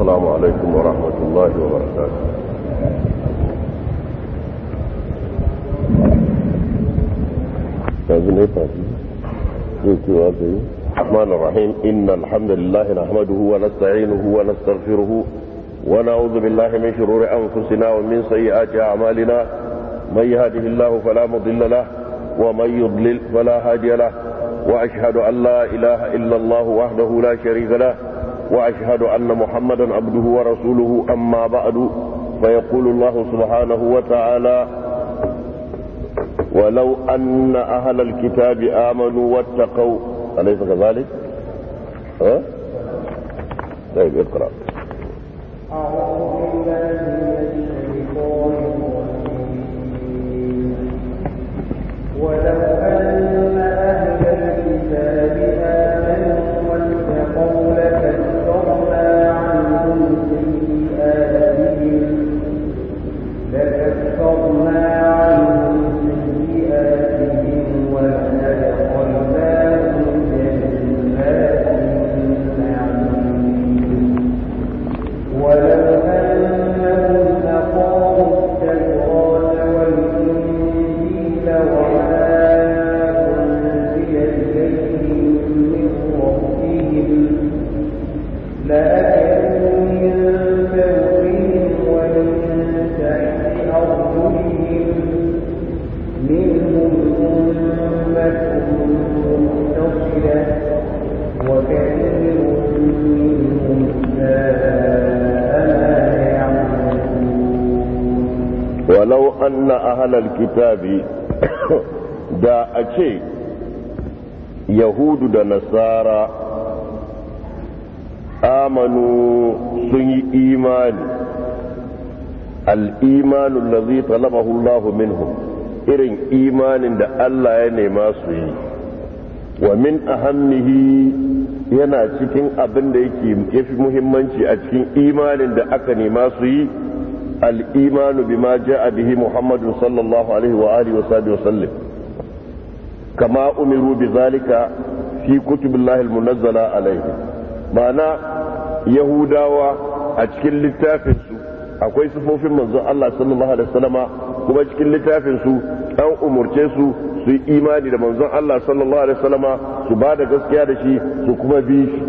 السلام عليكم ورحمة الله وبركاته تعزل ايه تعزل الرحمن الرحيم إن الحمد لله نحمده ونستعينه ونستغفره ونعوذ بالله من شرور أنفسنا ومن سيئات أعمالنا من يهده الله فلا مضل له ومن يضلل فلا هادي له وأشهد أن لا إله إلا الله وحده لا شريك له وأشهد أن محمدا عبده ورسوله أما بعد فيقول الله سبحانه وتعالى ولو أن أهل الكتاب آمنوا واتقوا أليس كذلك؟ ها؟ طيب اقرأ أعوذ بالله anna ahlal kitabi da a ce yahudu da nasara amanu sun yi imani al'imanu lazi talabahu Allahu minhum irin imanin da Allah ya nema su yi wa min ahammihi yana cikin abin da yake muhimmanci a cikin imanin da aka nema su yi الإيمان بما جاء به محمد صلى الله عليه وآله وصحبه وسلم كما أمروا بذلك في كتب الله المنزلة عليه معنى يهودا أتكل للتافن akwai sufofin manzon Allah sallallahu alaihi kuma cikin littafin su an umurce su su yi imani da manzon Allah sallallahu alaihi su ba da gaskiya da shi su kuma bi shi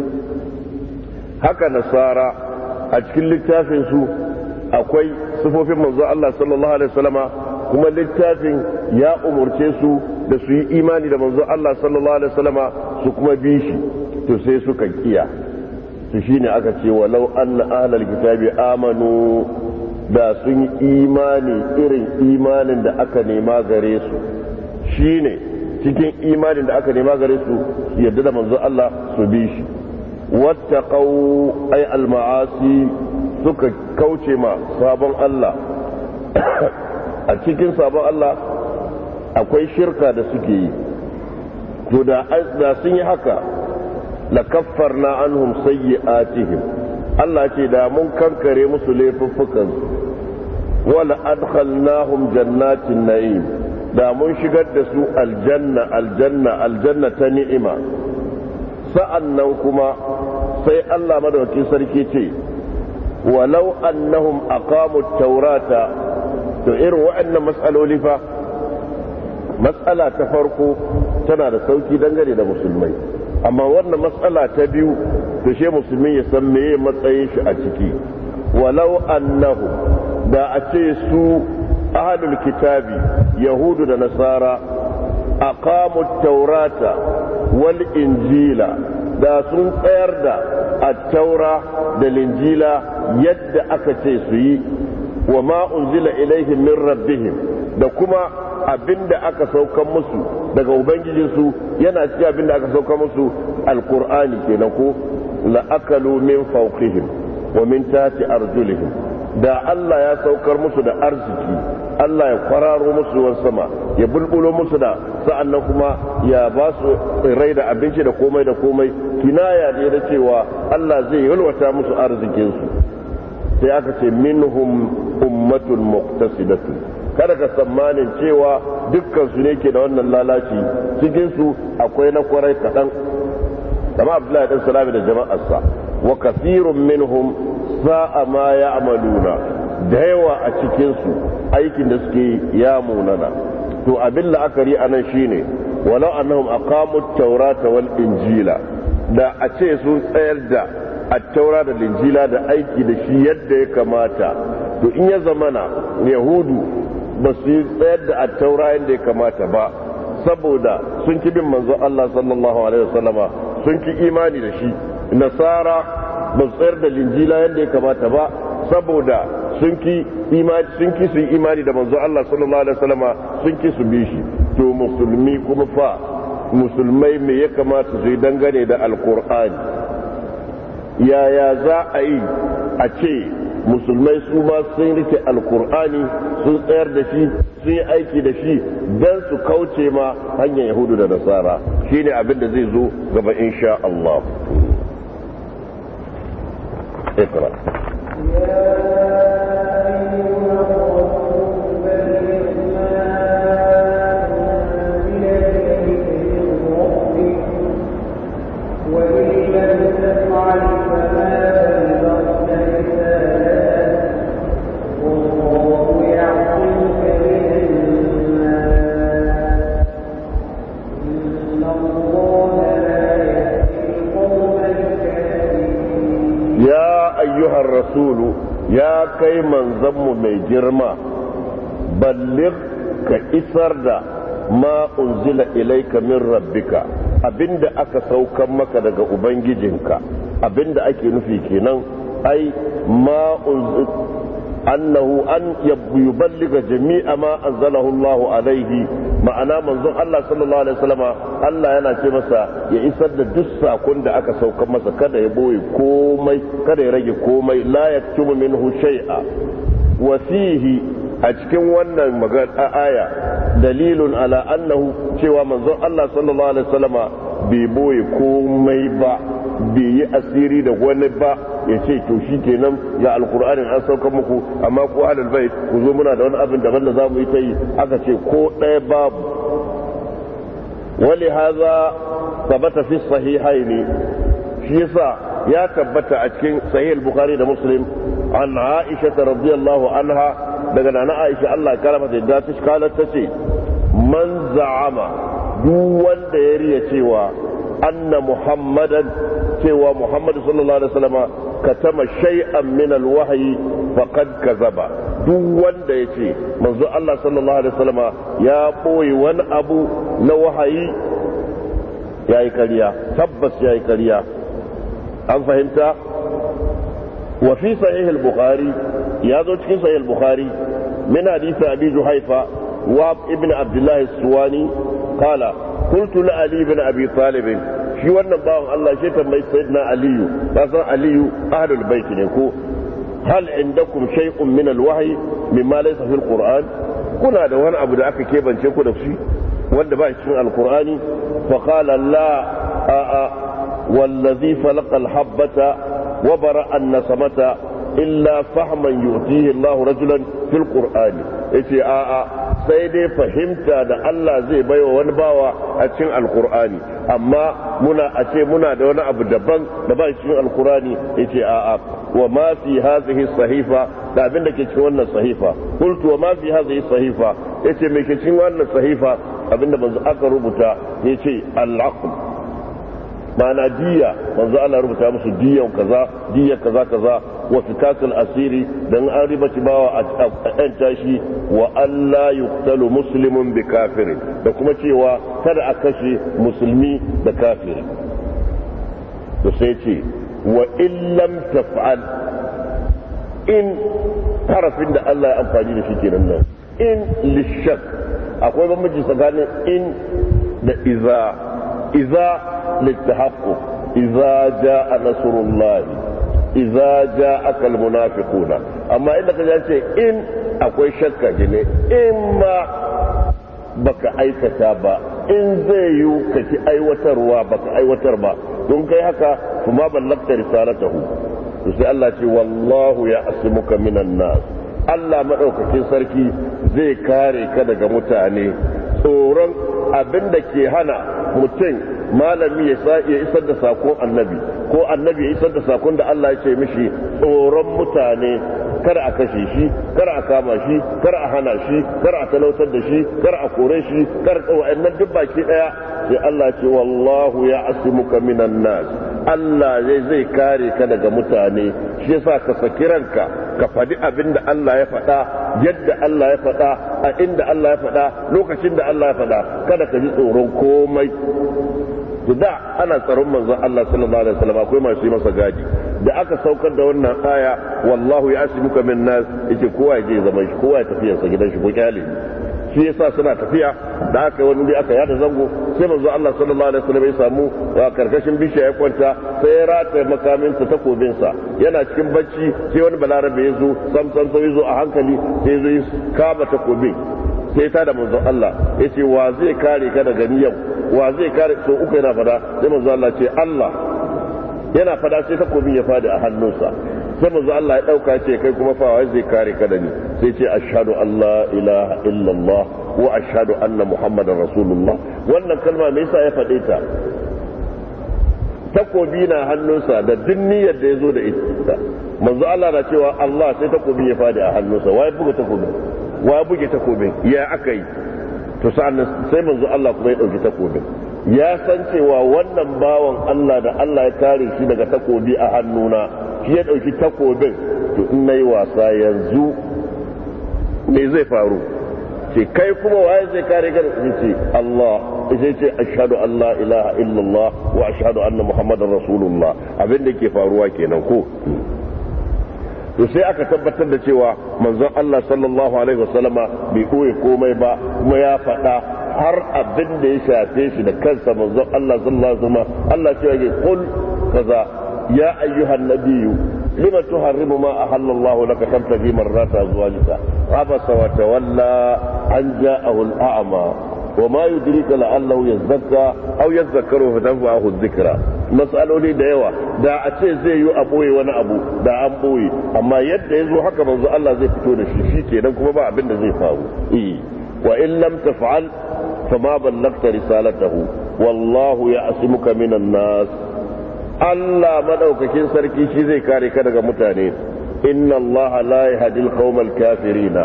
haka nasara a cikin littafin su akwai sifofin manzo Allah sallallahu alaihi wasallama kuma littafin ya umurce su da su yi imani da manzo Allah sallallahu alaihi wasallama su kuma bi shi to sai suka kiya to shine aka ce walau anna ahlal kitabi amanu da sun yi imani irin imanin da aka nema gare su shine cikin imanin da aka nema gare su yadda da manzo Allah su bi shi wattaqau ay al ma'asi suka kauce ma sabon Allah a cikin sabon Allah akwai shirka da suke yi to da sun yi haka la kaffarna anhum sayyi'atihim Allah ce da mun kankare musu laifuffukan wala adkhalnahum jannatin na'im da mun shigar da su aljanna aljanna aljanna ta ni'ima sa'annan kuma sai Allah madaukakin sarki ce walau annahum aqamu taurata to irin waɗannan matsaloli fa matsala ta farko tana da sauki dangane da musulmai amma wannan matsala ta biyu to she musulmi ya san meye matsayin shi a ciki walau annahu da a ce su ahlul kitabi yahudu da nasara aqamu taurata wal injila da sun tsayar da attaura da linjila yadda aka ce su yi wa ma'unzila unzila ilaihim min rabbihim da kuma abinda aka saukan musu daga ubangijinsu yana cikin abinda aka saukan musu alqur'ani kenan ko la'akalu min fawqihim wa min tati arjulihim da Allah ya saukar musu da arziki Allah ya kwararo musu ruwan sama ya bulbulo musu da sa'annan kuma ya ba su rai da abinci da komai da komai kinaya ne da cewa Allah zai yalwata musu arzikinsu sai aka ce minhum ummatun muqtasidatu kada ka tsammanin cewa dukkan su ne ke da wannan lalaci cikin su akwai na kwarai kaɗan kama abdullahi dan salami da sa wa kathirun minhum sa'a ma ya'maluna da yawa a cikin su aikin da suke ya munana to abin la'akari anan shine walau annahum aqamu tawrata wal injila da a ce sun tsayar da attaura da linjila da aiki da shi yadda ya kamata to in ya zamana yahudu ba su tsayar da attaura yadda ya kamata ba saboda sun ki bin manzon Allah sallallahu alaihi wasallama sun ki imani da shi nasara ba su tsayar da linjila yadda ya kamata ba saboda sun ki imani sun ki sun imani da manzon Allah sallallahu alaihi wasallama sun ki su bi shi to musulmi kuma fa musulmai me ya kamata su yi dangane da alqur'ani yaya za a yi a ce musulmai su ma sun rike alkur'ani sun tsayar da shi sun yi aiki da shi don su kauce ma hanyar yahudu da nasara shine abin da zai zo gaba insha Allah ya kai manzanmu mai girma ballir ka isar da ma unzila ilaika min rabbika abinda aka saukan maka daga ubangijinka abinda ake nufi kenan ai ma annahu an yuballiga jami'a ma anzalahu Allah alaihi ma'ana manzon Allah sallallahu alaihi wasallama Allah yana ce masa ya isar da duk sakon da aka saukar masa kada ya boye komai kada ya rage komai la yaktumu minhu shay'a wa fihi a cikin wannan magana aya dalilun ala annahu cewa manzon Allah sallallahu alaihi wasallama bai boye komai ba bai yi asiri da wani ba ya ce to shi kenan ya alkur'anin an sauka muku amma ko ahlul bait ku zo muna da wani abin daban da zamu yi ta yi aka ce ko ɗaya babu ولهذا ثبت في الصحيحين شيسا يا كبت أتكين صحيح البخاري ومسلم عن عائشة رضي الله عنها لقد أنا عائشة الله كلمة الداتش قالت تشي من زعم دون ديرية سوى أن محمدا سوى محمد صلى الله عليه وسلم katama shay'an min alwahyi faqad kazaba duk wanda yace manzo Allah sallallahu alaihi wasallama ya boye wani abu na wahayi yayi kariya tabbas yayi kariya an fahimta wa fi sahih al-bukhari ya zo cikin sahih al-bukhari min hadisi abi juhaifa wa ibn abdullah as-suwani qala قلت لعلي بن ابي طالب shi wannan bawan Allah shi tambayi sayyidina aliyu ba san aliyu ahlul bait ne ko hal indakum shay'un min alwahyi mimma laysa fil qur'an kuna da wani abu da aka kebance ku da shi wanda ba cikin alqur'ani fa qala la a a wallazi alhabbata wa bara'a an illa fahman yu'tihi Allah rajulan fil qur'ani yace a'a. sai dai fahimta da Allah zai bai wa wani bawa a cikin alkur'ani amma muna a ce muna da wani abu daban da ba cikin alkur'ani yace a'a wa ma fi hadhihi sahifa da abin da ke cikin wannan sahifa qultu wa ma fi hadhihi sahifa yace me ke cikin wannan sahifa abin abinda manzo aka rubuta yace al-aql ma'ana diya manzo Allah rubuta musu diyan kaza diya kaza kaza wa fikakul asiri dan an riba shi bawa a ɗan tashi wa Allah yuqtalu muslimun bi kafirin da kuma cewa kada a kashe musulmi da kafiri to sai ce wa in taf'al in harafin da Allah ya amfani da shi kenan nan in lishak akwai bambanci tsakanin in da iza إذا للتحقق إذا جاء نصر الله إذا جاءك المنافقون أما إنك جاءت إن أكوي شكا جني إما بك أي كتابة in zai yi ka aiwatarwa baka aiwatar ba don kai haka kuma ballakta risalatahu to sai Allah ce wallahu ya asimuka minan nas Allah madaukakin sarki zai kare ka daga mutane tsoron abin da ke hana mutum malami ya isar da sakon annabi ko annabi ya isar da sakon da Allah ya ce mishi tsoron mutane kar a kashe shi kar a kama shi kar a hana shi kar a talautar da shi kar a kore shi kar wa'annan duk baki daya sai Allah ce wallahu ya asimuka minan nan Allah zai kare ka daga mutane shi yasa ka saki ranka ka faɗi abin da Allah ya faɗa yadda Allah ya faɗa a inda Allah ya faɗa lokacin da Allah ya faɗa kada ka ji tsoron komai da ana tsaron manzon Allah sallallahu alaihi wasallam akwai masu yi masa gadi da aka saukar da wannan aya wallahu ya asimuka min nas yake kowa ya je zaman shi kowa ya tafi sa gidan shi ko kyale shi yasa suna tafiya da aka wani bi aka yada zango sai manzo Allah sallallahu alaihi wasallam ya samu wa karkashin bishiya ya kwanta sai ya rata makamin sa takobin sa yana cikin bacci sai wani balarabe ya zo sam sam sai zo a hankali sai zo ya kama takobin sai ta da manzo Allah ya ce wa zai kare ka daga niyyar wa zai kare so uku yana fada sai manzo Allah ce Allah yana fada sai takobin ya fadi a hannunsa sai manzo Allah ya dauka ce kai kuma fa wai zai kare ka da ni sai ce ashhadu Allah ilaha illallah wa ashhadu anna muhammadar rasulullah wannan kalma me yasa ya faɗe ta takobi na hannunsa da duk niyyar da ya zo da ita manzo Allah na cewa Allah sai takobi ya fadi a hannunsa wai buga takobi wai buge takobin ya akai to sa'an sai manzo Allah kuma ya dauki takobin ya san cewa wannan bawan Allah da Allah ya kare shi daga takobi a hannuna ya ɗauki takobin to in na yi wasa yanzu me zai faru ce kai kuma waye zai kare ka da ce Allah sai ce ashhadu an la ilaha illallah wa ashhadu anna muhammadar rasulullah abin da ke faruwa kenan ko to sai aka tabbatar da cewa manzon Allah sallallahu alaihi wasallama bai koyi komai ba kuma ya faɗa har abin da ya shafe shi da kansa manzon Allah sallallahu alaihi wasallama Allah ce ya kul kaza ya ayyuhan nabiyyu lima tuharrimu ma ahalla Allah laka tabtaghi marrata azwajika abasa wa tawalla an ja'ahu al-a'ma وما يدريك لعله يزكى او يذكر فتنفعه الذكرى matsaloli da yawa da a ce zai yi a boye wani abu da an boye amma yadda ya zo haka manzo Allah zai fito da shi shi kenan kuma ba abin da zai faru eh wa in lam taf'al fama ballagta risalatahu wallahu ya'simuka minan nas Allah maɗaukakin sarki shi zai kare ka daga mutane inna Allah la yahdil qaumal kafirina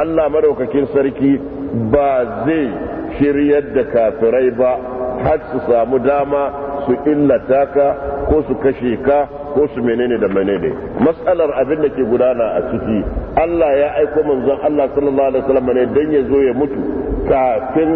Allah maɗaukakin sarki ba zai shiryar da kafirai ba har su samu dama su illata ka ko su kashe ka ko su menene da menene matsalar abin da ke gudana a ciki Allah ya aiko manzon Allah sallallahu alaihi wasallam ne dan ya zo ya mutu kafin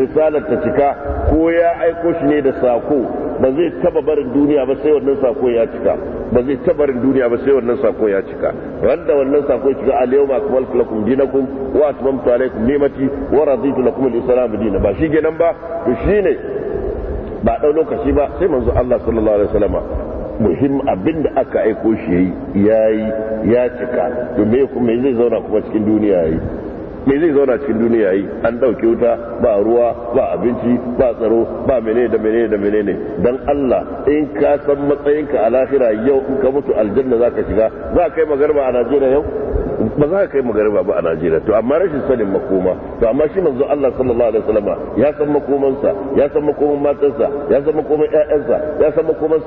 risalar ta cika ko ya aiko shi ne da sako ba zai taba barin duniya ba sai wannan sako ya cika ba zai taba barin duniya ba sai wannan sako ya cika wanda wannan sako ya cika alayhi wa akmaltu lakum dinakum wa atmamtu alaykum ni'mati wa raditu lakum al-islam dinan ba shi kenan ba to shine ba dau lokaci ba sai manzo Allah sallallahu alaihi wasallama muhim abin da aka aiko shi ya yayi ya cika to me kuma zai zauna kuma cikin duniya yayi me zai zauna cikin duniya yi an ɗauki wuta ba ruwa ba abinci ba tsaro ba menene da menene da menene dan Allah in ka san matsayinka a lahira yau in ka mutu aljanna zaka shiga za ka kai magarba a Najeriya yau ba za ka kai magarba ba a Najeriya to amma rashin sanin makoma to amma shi manzo Allah sallallahu alaihi wasallama ya san makomansa ya san makoman matarsa ya san makoman sa ya san makoman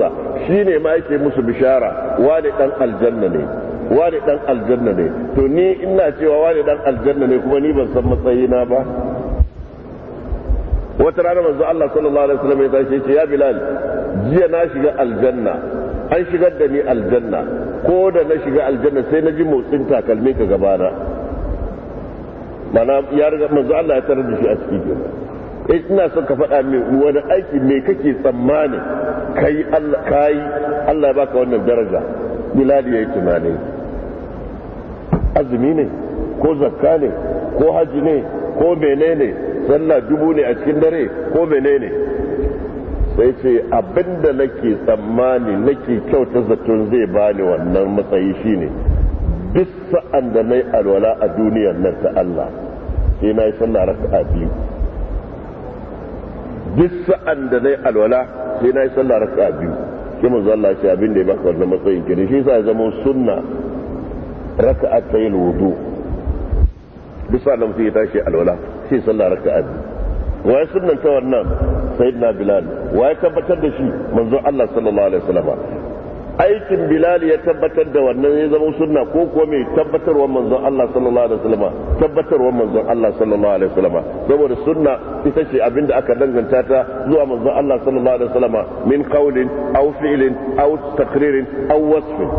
sa shine ma yake musu bishara wani dan aljanna ne wani dan aljanna ne to ni ina cewa wani dan aljanna ne kuma ni ban san matsayina ba wata rana manzo Allah sallallahu alaihi wasallam ya tashi ce ya Bilal jiya na shiga aljanna an shigar da ni aljanna ko da na shiga aljanna sai na ji motsin takalmi ka gabana mana ya riga manzo Allah ya tarar da shi a cikin eh ina son ka faɗa min wani aiki me kake tsammani kai Allah kai Allah ya baka wannan daraja Bilal yi tunani azumi ne ko zakka ne ko haji ne ko menene sallah dubu ne a cikin dare ko menene sai ce abinda nake tsammani nake kyauta zaton zai bani wannan matsayi shine duk sa'an da na yi alwala a duniyar nan ta Allah sai na yi sallah raka'a biyu duk sa'an da na yi alwala sai na yi sallah raka'a biyu shi mu zalla shi abin da ya baka wannan matsayin kiri shi sa ya zama sunna raka'atay wudu duk sa da mutum ya tashi alwala sai sallah raka'at wa ya ta wannan sayyidina bilal wa ya tabbatar da shi manzo Allah sallallahu alaihi wasallam aikin bilal ya tabbatar da wannan ya zama sunna ko ko mai tabbatarwar manzon Allah sallallahu alaihi wasallam tabbatarwar manzon Allah sallallahu alaihi wasallam saboda sunna ita ce abinda aka danganta ta zuwa manzon Allah sallallahu alaihi wasallam min qawlin aw fi'lin aw taqririn aw wasfin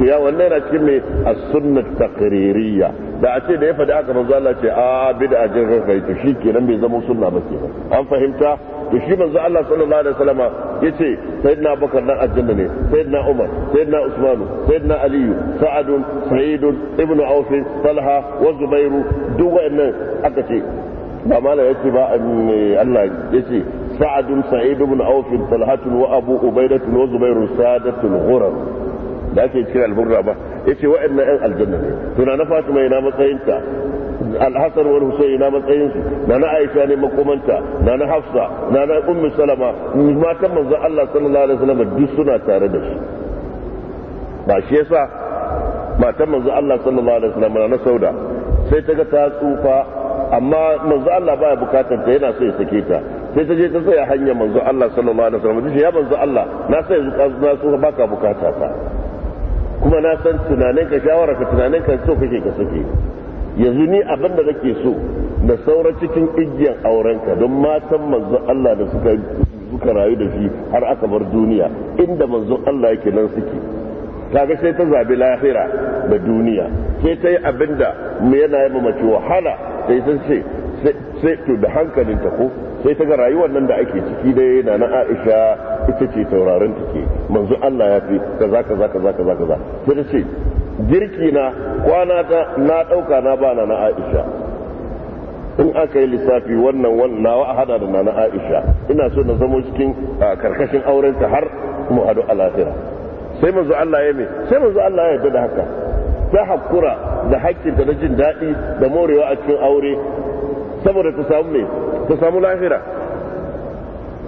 to ya wannan yana cikin mai as-sunnah taqririyya da a ce da ya faɗi aka manzo Allah ce a bi bid'a jin ranka to shi kenan bai zama sunna ba kenan an fahimta to shi manzo Allah sallallahu alaihi wasallam yace sayyidina Abubakar dan aljanna ne sayyidina Umar sayyidina Usman sayyidina Ali Sa'ad Sa'id ibn Auf Talha wa Zubair duk wayannan aka ce ba mala yace ba Allah yace Sa'ad Sa'id ibn Auf Talha wa Abu Ubaidah wa Zubair sadatul ghurar da ake kira alburra ba yace wa'annan ɗan aljanna ne to na na fatima ina al-Hasan wal husayn ina matsayin su na na aisha ne makomanta na na hafsa na na ummu salama matan manzon Allah sallallahu alaihi wasallam duk suna tare da shi ba shi yasa matan manzon Allah sallallahu alaihi wasallam na sauda sai ta ga ta tsufa amma manzo Allah baya bukatar ta yana so ya sake ta sai ta je ta tsaya hanya manzo Allah sallallahu alaihi wasallam ya manzo Allah na sai yanzu ka na so baka bukata ta kuma na san tunanin ka shawara ka tunanin ka so kake ka suke yanzu ni abin da nake so na saura cikin igiyan aurenka don matan manzon Allah da suka suka rayu da shi har aka bar duniya inda manzon Allah yake nan suke kaga sai ta zabi lahira da duniya sai ta yi abin da yana yi mace wahala sai ta sai to da hankalinta ko sai ta ga rayuwar nan da ake ciki dai yana na aisha ita ce taurarin take manzo Allah ya fi kaza kaza kaza kaza za sai ta ce girki na kwana ta na ɗauka na bana na aisha in aka yi lissafi wannan wannan wa hada da na aisha ina so na zamo cikin karkashin ta har mu hadu a sai manzo Allah ya me sai manzo Allah ya yarda da haka ta hakura da haƙƙinta na jin daɗi da morewa a cikin aure saboda ta samu ne ta samu lahira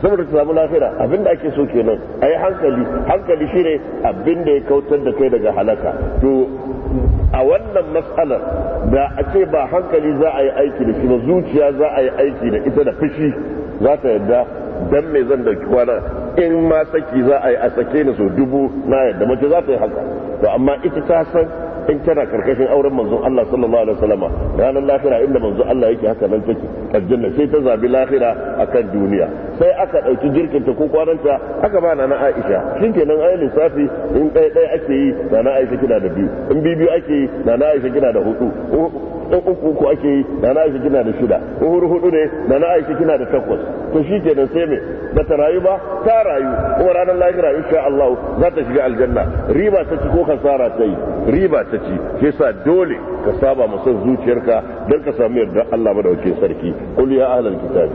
saboda ta samu lahira abinda ake so kenan a yi hankali hankali shine abinda ya kautar da kai daga halaka to a wannan matsalar da a ce ba hankali za a yi aiki da shi ba zuciya za a yi aiki da ita da fushi za ta yadda dan me zan dauki kwana in ma saki za a yi a sake ni so dubu na yadda mace za ta yi haka to amma ita ta san in tana karkashin auren manzon Allah sallallahu alaihi wasallam ranar lahira inda manzon Allah yake haka nan take aljanna sai ta zabi lahira akan duniya sai aka dauki jirgin ta ko kwananta aka ba na Aisha shin kenan ayi lissafi in ɗaya ɗaya ake yi na Aisha kina da biyu in bibi ake yi na Aisha kina da hudu dan uku ko ake yi na na aisha kina da shida in hudu hudu ne na na aisha kina da takwas to shi ke nan sai me ba ta rayu ba ta rayu kuma ranar rayu insha Allah za ta shiga aljanna riba ta ci ko kasara ta yi riba ta ci sai sa dole ka saba masa zuciyarka don ka samu yarda Allah madaukakin sarki qul ya ahlal kitab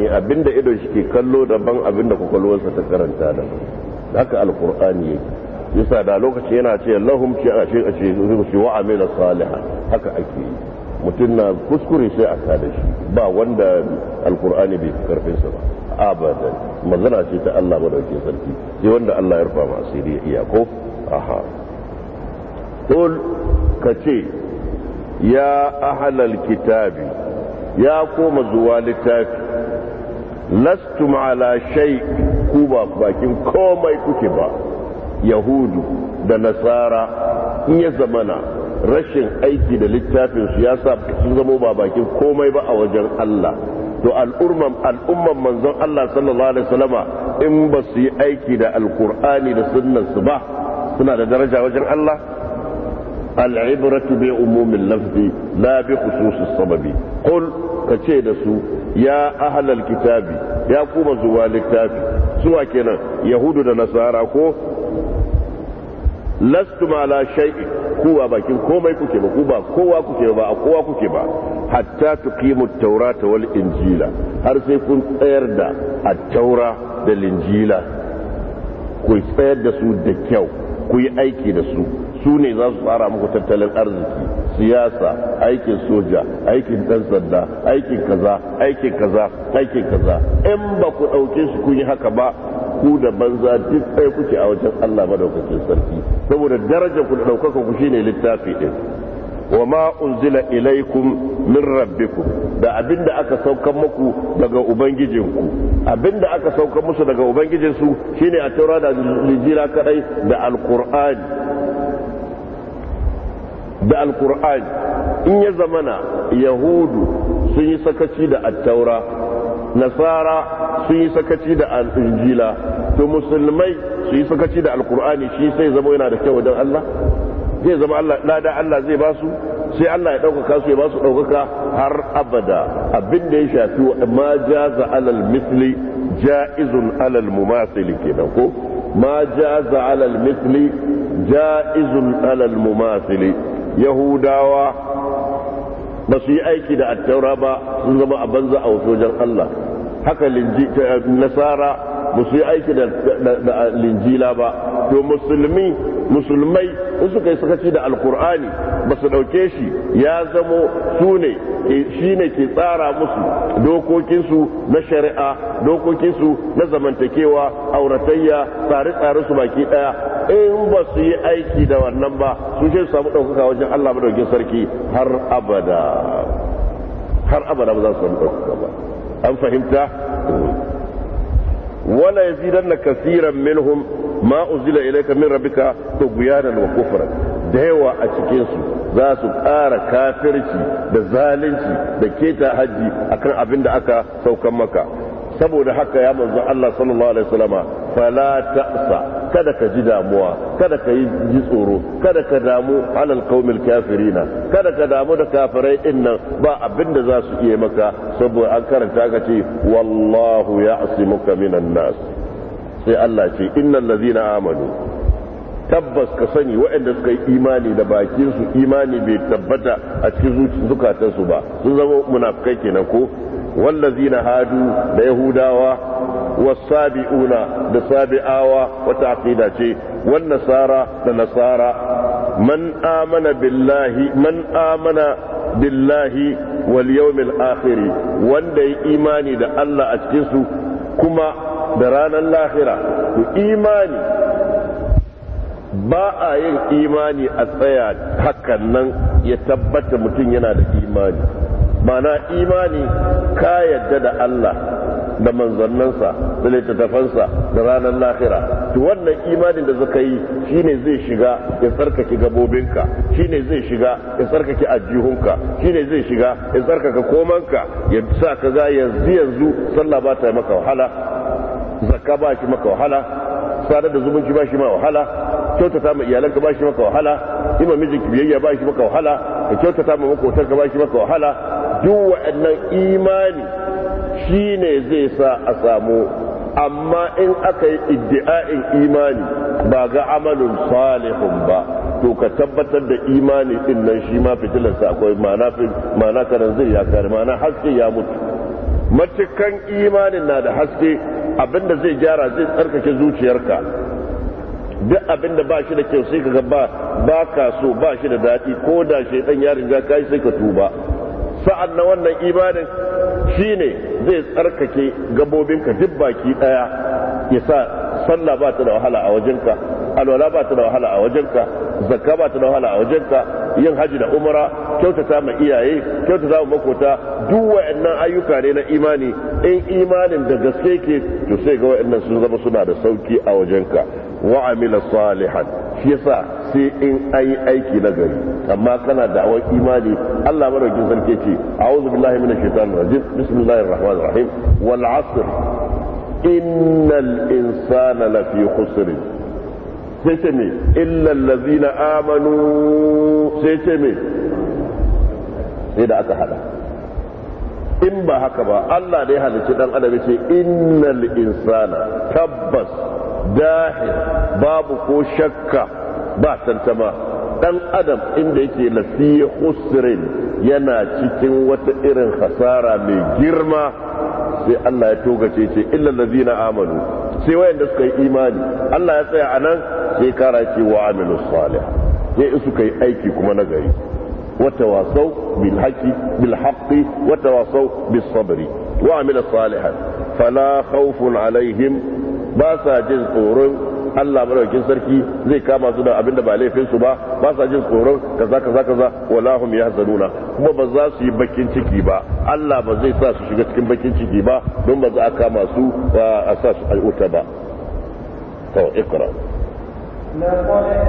abinda ido shi ke kallo daban abinda kwakwalwarsa ta karanta daban haka alkur'ani yake yasa da lokaci yana ce lahum shi a ce a ce shi wa amila salihan haka ake yi mutum na kuskure sai a kada shi ba wanda alkur'ani bai karfin sa ba abadan magana ce ta Allah dauke sarki sai wanda Allah ya rufa asiri ya iya ko aha ka kace ya ahlal kitabi ya koma zuwa littafi lastum ala shay ku ba bakin komai kuke ba yahudu da nasara in ya zamana rashin aiki da littafin su ya sa sun zamo ba bakin komai ba a wajen Allah to al'umman al'umman manzon Allah sallallahu alaihi wasallama in ba su yi aiki da alkur'ani da sunnar ba suna da daraja wajen Allah العبرة بعموم اللفظ لا بخصوص السبب قل كتيد سو يا أهل الكتاب يا قوم زوال الكتاب سوى كنا يهود نصارى كو لستم على شيء كوا باكين كو ما با كوبا كوا كوكي با كوا كوكي با حتى تقيم التوراة والإنجيل هل سيكون تيرد التوراة والإنجيل كوي تيردا سو دكيو كوي أيكي دسو su ne za su fara muku tattalin arziki siyasa aikin soja aikin ɗan sanda aikin kaza aikin kaza aikin kaza in ba ku ɗauke su kun yi haka ba ku da banza duk ɗaya kuke a wajen Allah madaukakin sarki saboda darajar ku da ɗaukaka ku shine littafi ɗin wa ma unzila ilaikum min rabbikum da abinda aka saukan muku daga ubangijinku abinda aka saukan musu daga ubangijinsu shine a taurada da lijira kadai da alqur'ani da alkur'ani in ya zamana yahudu sun yi sakaci da attaura nasara sun yi sakaci da injila to musulmai sun yi sakaci da alkur'ani shi sai zama yana da kyau wajen allah zai zama allah lada allah zai ba su sai allah ya ɗaukaka su ya ba su ɗaukaka har abada abin da ya shafi ma jaza alal misli ja'izun alal mumasili kenan ko ma jaza alal misli ja'izun alal mumasili yahudawa ba su yi aiki da attaura ba sun zama a banza a wajen Allah haka linji nasara ba su yi aiki da linjila ba to musulmi musulmai in suka yi sakaci da alkur'ani ba su ɗauke shi ya zamo su ne shi ne ke tsara musu dokokinsu na shari'a dokokinsu na zamantakewa auratayya tsare-tsare su baki ɗaya in ba su yi aiki da wannan ba su ce su samu ɗaukaka wajen allah madaukin sarki har abada har abada ba za su samu ɗaukaka ba an fahimta wala yazidanna kaseeran minhum ma uzila ilayka min rabbika tughyanan wa kufran da yawa a cikin su za su ƙara kafirci da zalunci da keta haji akan abin da aka saukan maka saboda haka ya manzo Allah sallallahu alaihi wasallama fala ta'sa kada ka ji damuwa kada ka yi ji tsoro kada ka damu alal qaumil kafirina kada ka damu da kafirai din nan ba abin da za su iya maka saboda an karanta ka ce wallahu ya'simuka minan nas sai Allah ce innal ladzina amanu tabbas ka sani waɗanda suka yi imani da bakinsu imani bai tabbata a cikin zukatansu ba sun zama munafukai kenan ko na hadu da yahudawa wasabi'una da sabi'awa wata aqida ce wan nasara da nasara man amana billahi man amana billahi wal yawmil akhir wanda ya imani da Allah a cikin su kuma da ranar lahira to imani ba a yin imani a tsaya hakan nan ya tabbata mutum yana da imani mana imani ka yadda da Allah da manzannansa da littattafansa da ranar lahira to wannan imanin da suka yi shine zai shiga ya tsarkake gabobinka shine zai shiga ya tsarkake ajihunka shine zai shiga ya tsarkake komanka ya sa ka ga yanzu yanzu sallah ba ta maka wahala zakka ba shi maka wahala sadar da zumunci ba shi ma wahala kyautata ma iyalanka ba shi maka wahala imamijin biyayya ba shi maka wahala ka kyautata ma makotarka ba shi maka wahala duk waɗannan imani shi ne zai sa a samu amma in aka yi iddi'a'in imani ba ga amalin salihun ba to ka tabbatar da imani din nan shi ma fitilarsa akwai ma'ana karan zai ya kare ma'ana haske ya mutu matukan imanin na da haske abinda zai gyara zai tsarkake zuciyarka duk abinda ba shi da kyau sai ka ga ba ka so ba shi da daɗi ko da shaidan yarin ga kai sai ka tuba sa'an na wannan imanin shi ne zai tsarkake gabobinka duk baki ɗaya ya sa sallah ba ta da wahala a wajenka alwala ba ta da wahala a wajenka zakka ba ta da wahala a wajenka yin haji da umara kyautata ma iyaye kyautata ma makota duk wayannan ayyuka ne na imani in imanin da gaske ke to sai ga wayannan sun zama suna da sauki a wajenka wa amila salihan shi yasa sai in ayi aiki na gari amma kana da'awar imani Allah madaukin sarki ce a'udhu billahi minash shaitanir rajim bismillahir rahmanir rahim wal 'asr innal insana lafi khusr sai ce me illal ladzina amanu sai ce me sai da aka hada in ba haka ba Allah da ya halicci dan adam ce innal insana tabbas dahil babu ko shakka ba tantama dan adam inda yake lafiya husrin yana cikin wata irin hasara mai girma sai Allah ya toga ce illa ladina amanu sai wayanda suka yi imani Allah ya tsaya anan sai kara ce wa amilus salih sai yi aiki kuma na gari وتواصوا بالحق بالحق وتواصوا بالصبر وعمل صالحا Fala خوف alaihim. ba sa jin tsoron Allah madaukakin sarki zai kama su da abinda ba laifin su ba ba sa jin tsoron kaza kaza kaza wala hum yahzanuna kuma ba za su yi bakin ciki ba Allah ba zai sa su shiga cikin bakin ciki ba don ba za a kama su ba a sa su al'uta ba to iqra laqad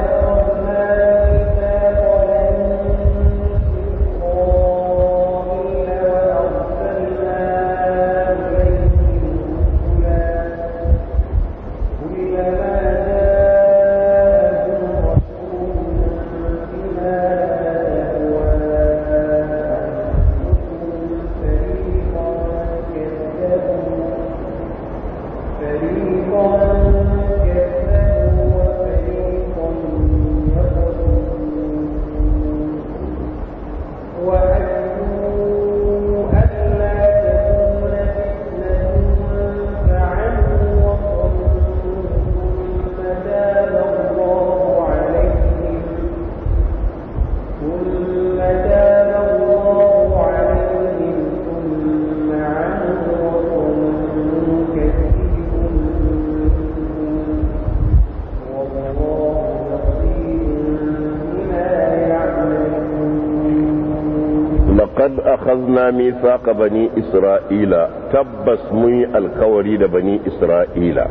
akhadna mithaqa bani isra'ila tabbas mun yi alkawari da bani isra'ila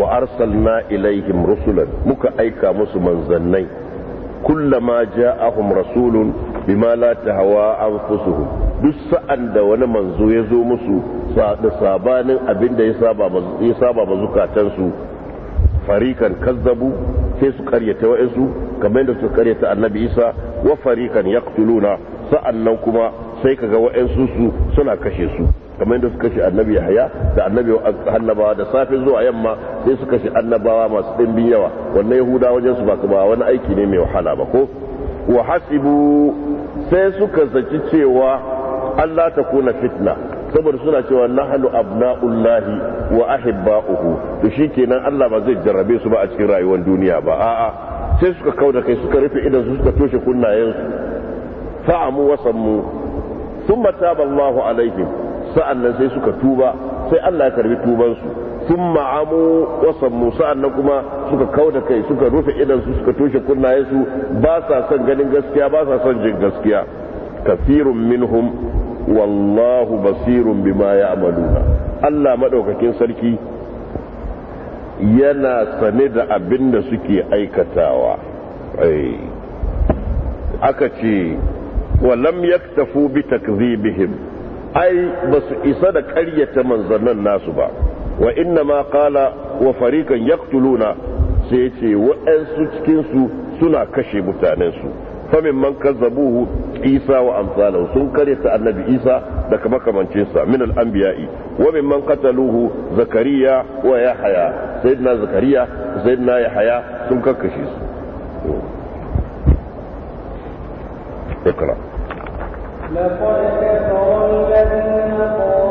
wa arsalna ilaihim rusulan muka aika musu manzannai kullama ja'ahum rasulun bima la tahawa anfusuhum duk sa'an da wani manzo ya zo musu da sabanin abin da ya saba ba zukatansu farikan kazzabu sai su karyata wa'insu kamar da su karyata annabi isa wa farikan yaqtuluna nan kuma sai ka ga wayansu su suna kashe su kamar yadda suka kashe annabi haya da annabi annabawa da safe zuwa yamma sai su kashe annabawa masu ɗimbin yawa wannan yahuda wajen su ba ba wani aiki ne mai wahala ba ko wa hasibu sai suka zaci cewa Allah ta kuna fitna saboda suna cewa na nahnu abna'ullahi wa ahibba'uhu to kenan Allah ba zai jarrabe su ba a cikin rayuwar duniya ba a'a sai suka kauda kai suka rufe idan su suka toshe kunnayen su fa'amu mu. sun mataballahu alaihim sa'annan sai suka tuba sai Allah ya karbi tubansu sun ma'amu wasan musa nan kuma suka kau da kai suka rufe idansu suka toshe kunnayensu ba sa son ganin gaskiya ba sa son jin gaskiya kafirun minhum wallahu basirun bima na Allah madaukakin sarki yana sane da abin da suke aikatawa aka ce ولم يكتفوا بتكذيبهم أي بس إصد قرية من ظن الناس با وإنما قال وفريقا يقتلون سيتي وأنسو تكنسو سنا كشي متاننسو famin man kazzabuhu isa wa amsalahu sun karyata annabi isa da kama kamancinsa min al-anbiya'i wa min man qataluhu zakariya wa yahya sayyidina zakariya sayyidina yahya sun kakkashe su ikra لقد كفر الذين قالوا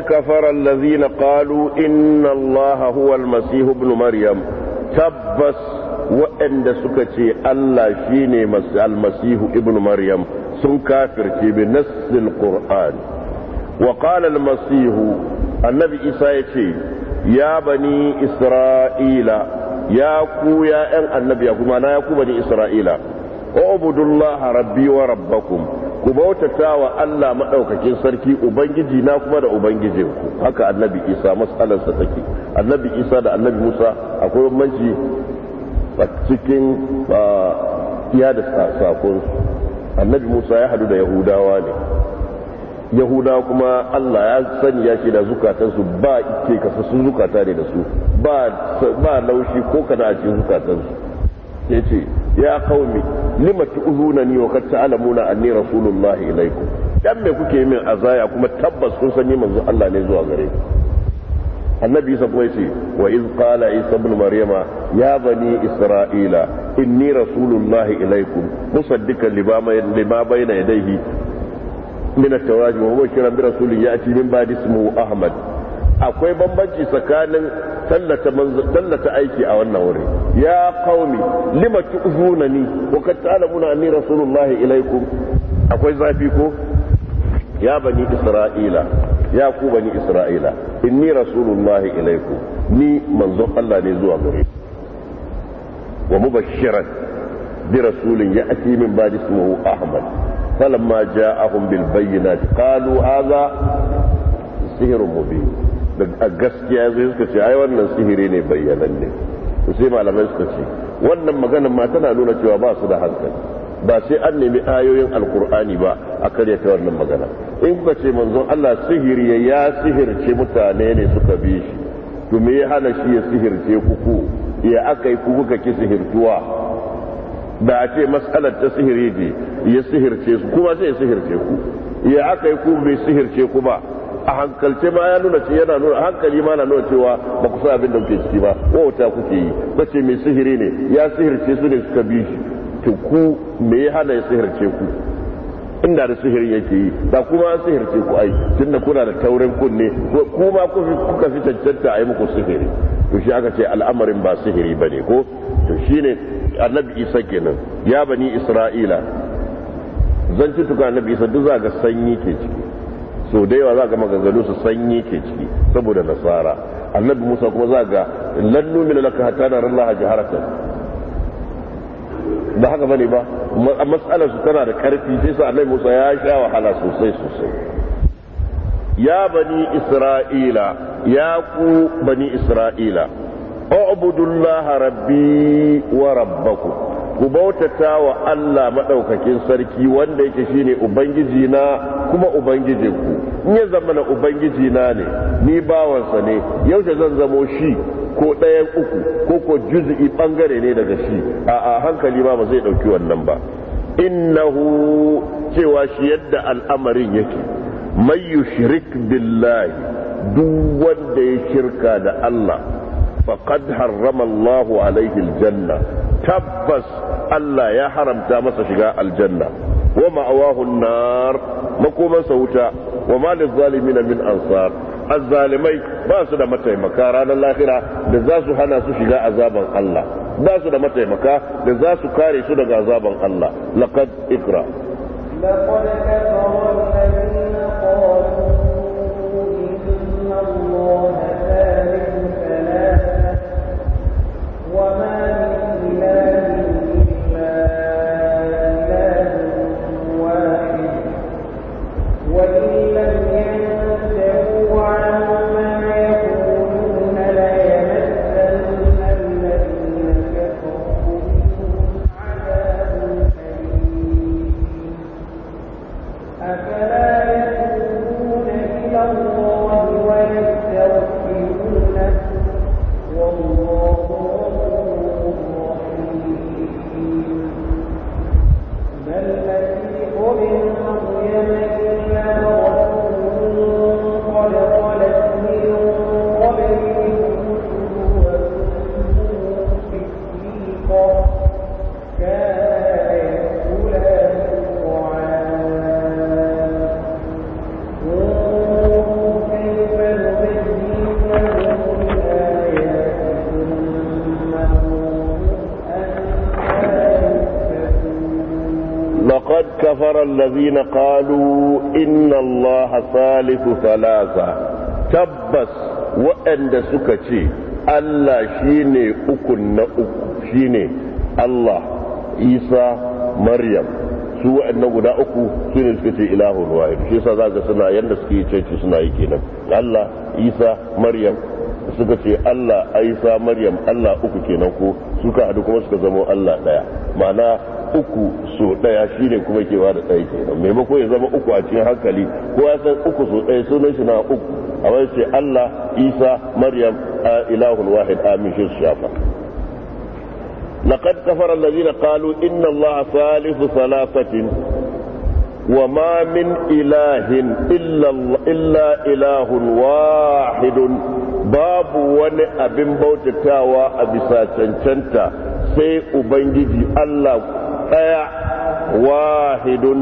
faƙaɗi kafaran lazi na ƙalu inna Allah huwa almasihu ibn Maryam tabbas waɗanda suka ce Allah shine ne almasihu ibnu Maryam sun kafirce bi nassin Ƙur'an. wa ƙala almasihu annabi Isa ya ce ya bani Isra'ila ya ku ya ‘yan annabi ya ya ku bani Isra'ila wa ubudullah rabbi wa rabbakum. ku bautata wa Allah maɗaukakin sarki ubangiji na kuma da ubangijin ku haka annabi Isa mas'alarsa take annabi Isa da annabi Musa akwai a cikin iya da sakon annabi Musa ya hadu da Yahudawa ne yahuda kuma allah ya sani ya ce da zukatansu ba ke kasassun zukata ne da su ba laushi ko kana a cikin zukatansu ya ce ya kaumi lima tu'zuna ni wa qad ta'lamuna anni rasulullahi ilaykum dan me kuke min azaya kuma tabbas kun san ni manzo Allah ne zuwa gare ku annabi isa kuma yace wa iz qala isa ibn maryama ya bani isra'ila inni rasulullahi ilaikum musaddiqan lima bayna yadayhi min at-tawrati wa huwa kiran bi rasulin ya'ti min ba'di ismihi ahmad akwai bambanci tsakanin tallata aiki a wannan wurin. ya qaumi lima tu'zunani wa qad ta'lamuna anni rasulullahi ilaikum akwai zafi ko ya bani isra'ila ya ku bani isra'ila inni rasulullahi ilaikum ni manzon Allah ne zuwa gare wa mubashiran bi rasulin ya'ti min ba'di ismihi ahmad falamma ja'ahum bil bayyinati qalu hadha sihrun mubin a gaskiya zai suka ce wannan sihiri ne bayyananne to sai malamai suka ce wannan maganar ma tana nuna cewa ba su da hankali ba sai an nemi ayoyin alkur'ani ba a ta wannan magana in kuka ce manzon Allah sihiri ya ya sihirce mutane ne suka bi shi to me ya hana shi ya sihirce kuku ya aka yi kuka ki sihirtuwa da a ce matsalar ta sihiri ne ya sihirce su kuma sai ya sihirce ku ya aka yi ku bai sihirce ku ba a hankalce ma ya nuna ce yana nuna hankali ma na nuna cewa ba ku san abin da kuke ciki ba wata kuke yi ba ce mai sihiri ne ya sihirce su ne suka bi shi ku me ya hana ya sihirce ku inda da sihiri yake yi da kuma ya sihirce ku ai tunda kuna da taurin kunne kuma kuka fi cancanta a yi muku sihiri to shi aka ce al'amarin ba sihiri bane ko to shine annabi isa kenan ya bani isra'ila zan ci tuka annabi isa duk za ga sanyi ke ciki so da yawa za ga maganganu su sanyi ke ciki saboda nasara annabi musa kuma za ga lannu min laka hatta na rallaha jaharatan ba haka bane ba matsalar su tana da karfi sai sa annabi musa ya sha wahala sosai sosai ya bani isra'ila ya ku bani isra'ila a'budullaha rabbi wa rabbakum ku bautata wa Allah maɗaukakin sarki wanda yake shine ubangiji na kuma ubangijinku in ya zama na ubangiji na ne ni bawansa ne yaushe zan zamo shi ko ɗayan uku ko ko juz'i bangare ne daga shi a hankali ma ba zai ɗauki wannan ba innahu cewa shi yadda al'amarin yake mai yushrik billahi duk wanda ya shirka da Allah faqad harrama Allahu alaihi aljanna tabbas Allah ya haramta masa shiga aljanna wa ma'awahu nar makomansa wuta wa ma zalimin min ansar azzalimai ba su da mataimaka ranar lahira da za su hana su shiga azaban Allah ba su da mataimaka da za su kare su daga azaban Allah laqad ikra laqad salasa tabbas waɗanda suka ce Allah shine ukun na uku shine Allah Isa Maryam su waɗanda guda uku su ne suka ce ilahun wahid shi yasa zaka suna yanda suke cece suna yi kenan Allah Isa Maryam suka ce Allah Isa Maryam Allah uku kenan ko suka hadu kuma suka zama Allah daya ma'ana uku so ɗaya shi ne kuma kewa da ɗaya ke nan maimako ya zama uku a cikin hankali ko yasan san uku so ɗaya sunan shi na uku a wani Allah Isa Maryam a ilahun wahid amin shi su shafa laqad kafara allazi na kalu inna salisu salafatin wa ma min ilahin illa ilahun wahidun babu wani abin bautatawa a bisa cancanta sai ubangiji Allah ɗaya wahidun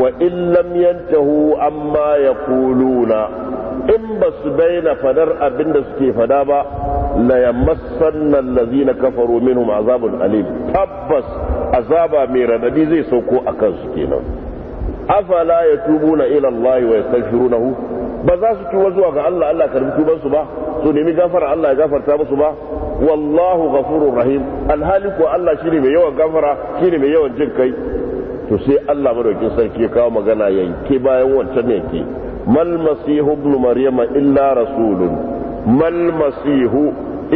wa illam yantahu amma ya kuluna in ba su daina fadar abin da suke fada ba la yamassanna allazina kafaru minhum azabun alim tabbas azaba mai radadi zai sauko akan su kenan afala yatubuna ila Allah wa yastaghfirunahu ba za su tuba zuwa ga Allah Allah karbi tuban su ba su nemi gafara Allah ya gafarta musu ba wallahu ghafurur rahim alhali ko Allah shine mai yawan gafara shine mai yawan jin kai to sai Allah madaukin sarki ya kawo magana yanke bayan wancan yanke mal masihu ibn maryama illa rasulun mal masihu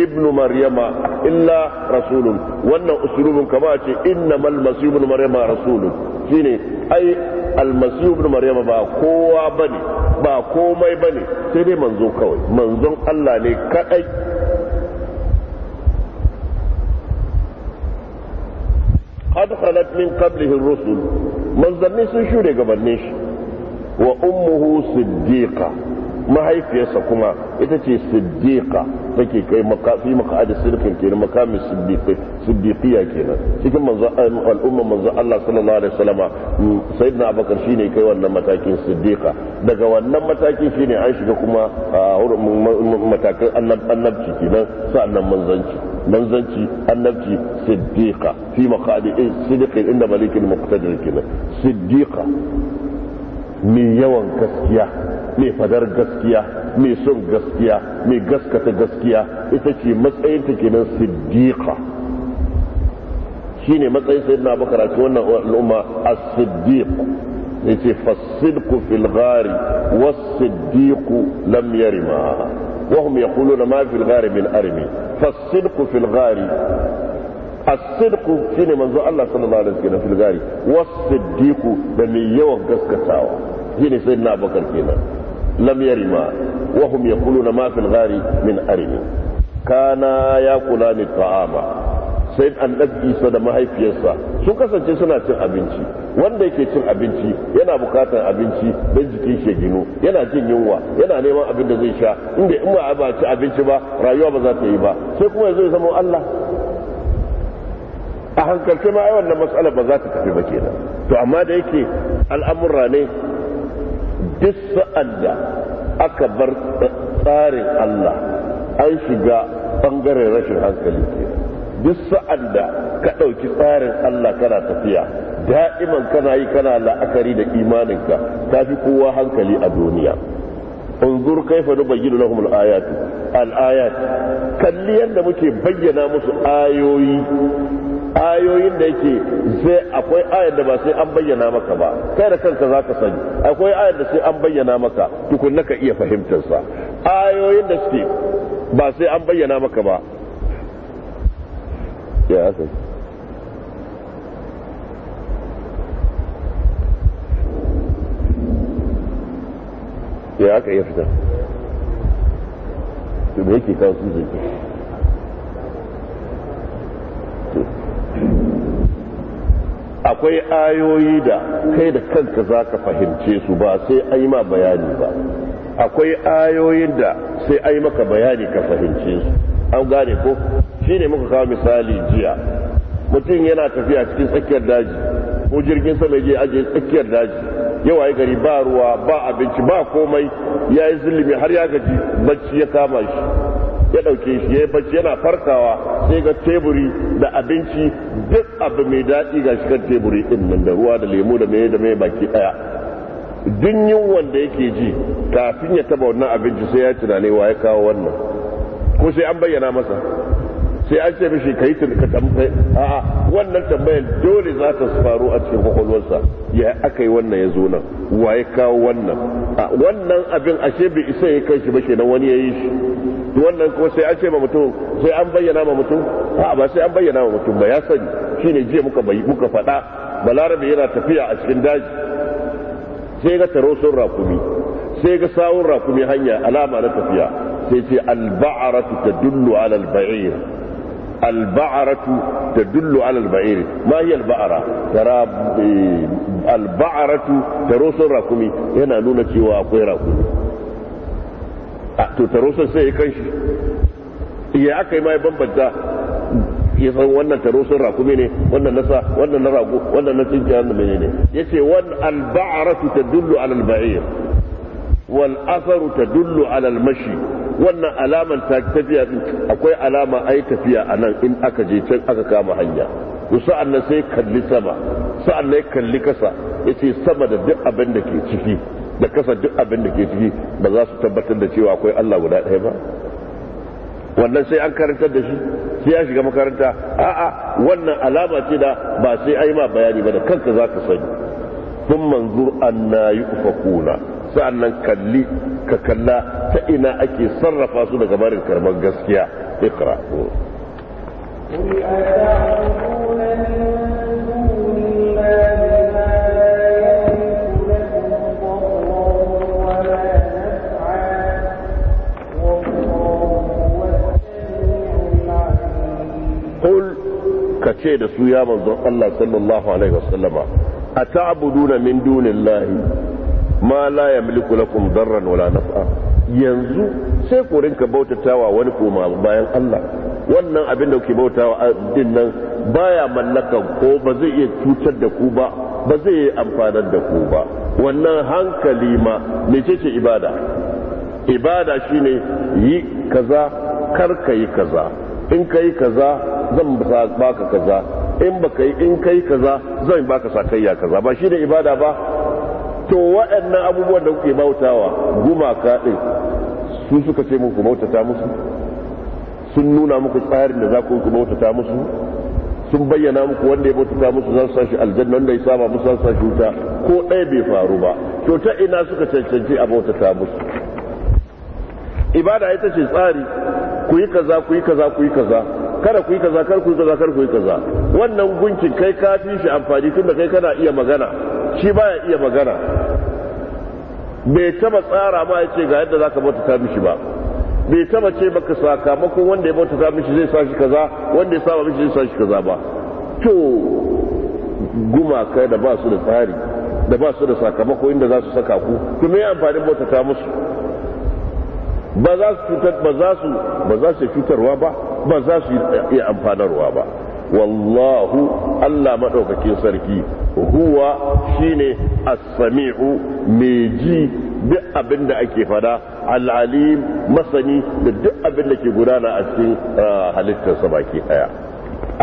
ibn maryama illa rasulun wannan usulubin kama ce innamal masihu ibn maryama rasulun shine ai almasihu ibn maryam ba kowa bane ba komai bane sai dai manzo kawai manzon Allah ne kadai qad khalat min qablihi ar-rusul manzanni sun shure gabanin shi wa ummuhu siddiqa mahaifiyarsa kuma ita ce siddiqa take kai makafi maka da ke makamin siddiqai siddiqiyya kenan cikin manzo al'umma manzo Allah sallallahu alaihi wasallama mm, sayyidina abakar shine kai wannan matakin siddiqa daga wannan matakin shine an shiga kuma matakan annabci kenan sa'annan manzanci manzanci annabci siddiqa fi maqadi eh, siddiqi inda malikin muqtadir kenan siddiqa mai yawan gaskiya mai fadar gaskiya mai son gaskiya mai gaskata gaskiya ita ce matsayinta kenan siddiqa shine matsayin sayyidina abubakar a wannan al'umma a siddiq yace fasidku fil ghari was-siddiq ma min fasidku manzo Allah sallallahu alaihi wasallam da mai yawan gaskatawa shine sayyidina abubakar kenan lam ma min kana ta'ama sai annabi isa da mahaifiyarsa sun kasance suna cin abinci wanda yake cin abinci yana bukatar abinci don jikin shi gino yana jin yunwa yana neman abin da zai sha inda in ba ba ci abinci ba rayuwa ba za ta yi ba sai kuma ya ya zama Allah a hankalce ma ai wannan matsalar ba za ta tafi ba kenan to amma da yake al'amura ne duk sa'an da aka bar tsarin Allah an shiga bangaren rashin hankali ke duk sa'an da ka ɗauki tsarin Allah kana tafiya da'iman kana yi kana la'akari da imaninka ta fi kowa hankali a duniya unzur kaifa nubayyinu lahum al-ayat al-ayat kalli yanda muke bayyana musu ayoyi ayoyin da yake sai akwai ayar da ba sai an bayyana maka ba kai da kanka za ka sani akwai ayar da sai an bayyana maka tukunna ka iya fahimtarsa ayoyin da suke ba sai an bayyana maka ba ya aka yi ya aka yi fita to da yake kawo su zai akwai ayoyi da kai da kanka za ka fahimce su ba sai yi ma bayani ba akwai ayoyin da sai yi maka bayani ka fahimce su an gane ko shi ne muka kawo misali jiya mutum yana tafiya cikin tsakiyar daji ko jirgin sama je aje tsakiyar daji yawa ya gari ba ruwa ba abinci ba komai ya yi zulumi har ya gaji bacci ya kama shi ya ɗauke shi ya yi bacci yana farkawa sai ga teburi da abinci duk abu mai daɗi ga shi teburi ɗin nan da ruwa da lemu da mai da mai baki ɗaya duk yin da yake ji kafin ya taba wannan abinci sai ya tunani wa ya kawo wannan ko sai an bayyana masa sai an ce mishi kai ka tambaye a'a wannan tambayar dole za ta faru a cikin kwakwalwarsa ya aka yi wannan ya zo nan wa ya kawo wannan a wannan abin ashe bai isa ya kai shi ba kenan wani ya yi shi wannan kuma sai an ce ma mutum sai an bayyana ma mutum a'a ba sai an bayyana ma mutum ba ya sani shine jiya muka bayi muka faɗa balarabe yana tafiya a cikin daji sai ga taro sun rakumi sai ga sawun rakumi hanya alama na tafiya sai ce alba'aratu tadullu ala al-ba'ir البعرة تدل على البعير ما هي البعرة ترى البعرة تروس راكمي هنا نونا تيوا أقوي راكمي تروس سيكنش iya aka yi ma ya bambanta ya san wannan ta sun rakumi ne wannan nasa wannan na rago wannan na tsinci wannan mene ne ya ce wan alba'aratu ta dullu alal wal asaru ta dullu alal mashi wannan alaman tafiya akwai alama ai tafiya a nan in aka je can aka kama hanya sa'an nan sai kalli sama sa'an nan kalli kasa ya ce sama da duk abin da ke ciki da kasa duk abin da ke ciki ba za su tabbatar da cewa akwai Allah guda ɗaya ba wannan sai an karantar da shi sai ya shiga makaranta a'a wannan alama ce da ba sai ai ma bayani ba da kanka za ka sani kun manzur anna yufakuna sa'annan kalli ka kalla ta ina ake sarrafa su daga barin karban gaskiya ikra قل كتشيد سويا من الله صلى a عليه وسلم أتعبدون من ma la miliku lakum darran wala naf'a yanzu sai ku rinka bautatawa wani koma bayan Allah wannan abin da kuke bautawa din nan baya mallakan ko ba zai iya cutar da ku ba ba zai iya amfanar da ku ba wannan hankali ma mecece ibada ibada shine yi kaza kar ka yi kaza in ka yi kaza zan baka kaza in baka yi in kai kaza zan baka sakayya kaza ba shine ibada ba to waɗannan abubuwan da kuke bautawa gumaka ɗin su suka ce muku bautata musu sun nuna muku tsarin da za ku ku bautata musu sun bayyana muku wanda ya bautata musu za su sashi aljanna wanda ya saba musu za su wuta ko ɗaya bai faru ba to ta ina suka cancanci a bautata musu ibada ita ce tsari ku yi kaza ku yi kaza ku yi kaza kada ku yi kaza kar ku yi kaza kar ku yi kaza wannan gunkin kai ka fi shi amfani tunda kai kana iya magana shi baya iya magana bai taba tsara ma ce ga yadda zaka ta mishi ba bai taba ce baka sakamakon wanda ya bauta ta mishi zai sa shi kaza wanda ya saba mishi zai sa shi kaza ba to gumaka da ba su da tsari da ba su da sakamako inda za su saka ku kuma yi amfanin ta musu ba za su cutar ba za su ba za su cutarwa ba ba za su yi amfanarwa ba wallahu Allah maɗaukakin sarki huwa shine as-sami'u mai ji duk abin da ake fada al masani da duk abin da ke gudana a cikin uh, halittarsa baki daya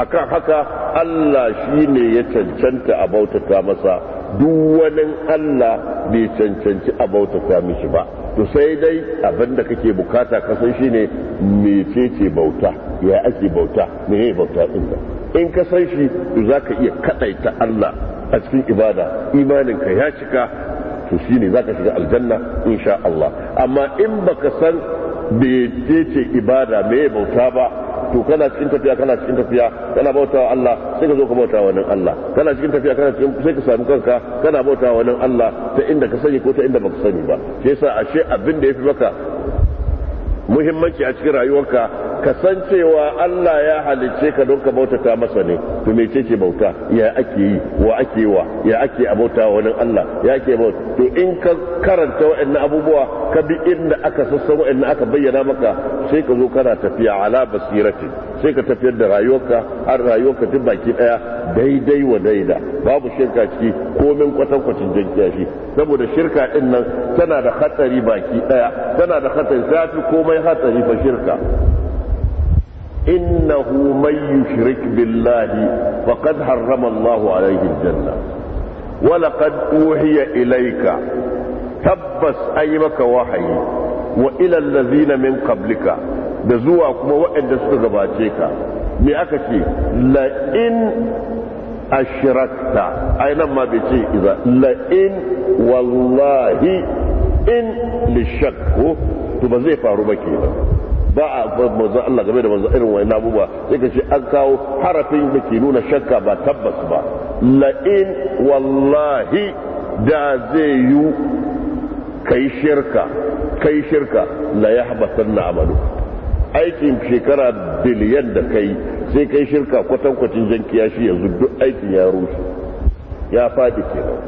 akan haka Allah shine ya cancanta a bautata masa duk wani Allah bai cancanci a bautata mishi ba to sai dai abin da kake bukata kasan shine mecece bauta ya ake bauta me bauta din in ka san shi to za ka iya kaɗaita Allah a cikin ibada imaninka ya cika to shi ne za ka shiga aljanna insha Allah amma in ba ka san ce ibada me bauta ba to kana cikin tafiya kana cikin tafiya kana bauta wa Allah sai ka zo ka bauta wa nan Allah kana cikin tafiya kana cikin sai ka samu kanka kana bauta wa nan Allah ta inda ka sani ko ta inda ka sani ba sai yasa ashe abin da yafi maka muhimmanci a cikin rayuwarka ka san cewa Allah ya halicce ka don ka bautata masa ne to me ce bauta ya ake yi wa ake wa ya ake abauta wa wani Allah ya ake bauta to in ka karanta waɗannan abubuwa ka bi inda aka sassan waɗannan aka bayyana maka sai ka zo kana tafiya ala basirati sai ka tafiyar da rayuwarka har rayuwarka duk baki daya daidai wa daida babu shirka ciki komin kwatankwacin jankiya shi saboda shirka din nan tana da hatsari baki daya tana da hatsari zafi komai hatsari fa shirka إنه من يشرك بالله فقد حرم الله عليه الجنة ولقد أوحي إليك تبس أيمك وحي وإلى الذين من قبلك دزوا كما وإن دستغباتيك مئكتي لئن أشركت أين ما بيتي إذا لئن والله إن للشك تبزيفا ربكي ba a manzon Allah game da manzon irin wani abubuwa sai ka ce an kawo harafin da ke nuna shakka ba tabbas ba la'in wallahi da zai yi kai shirka kai shirka la na amalu aikin shekara biliyan da kai sai kai shirka kwatankwacin jan kiyashi yanzu duk aikin ya rushe ya faɗi kenan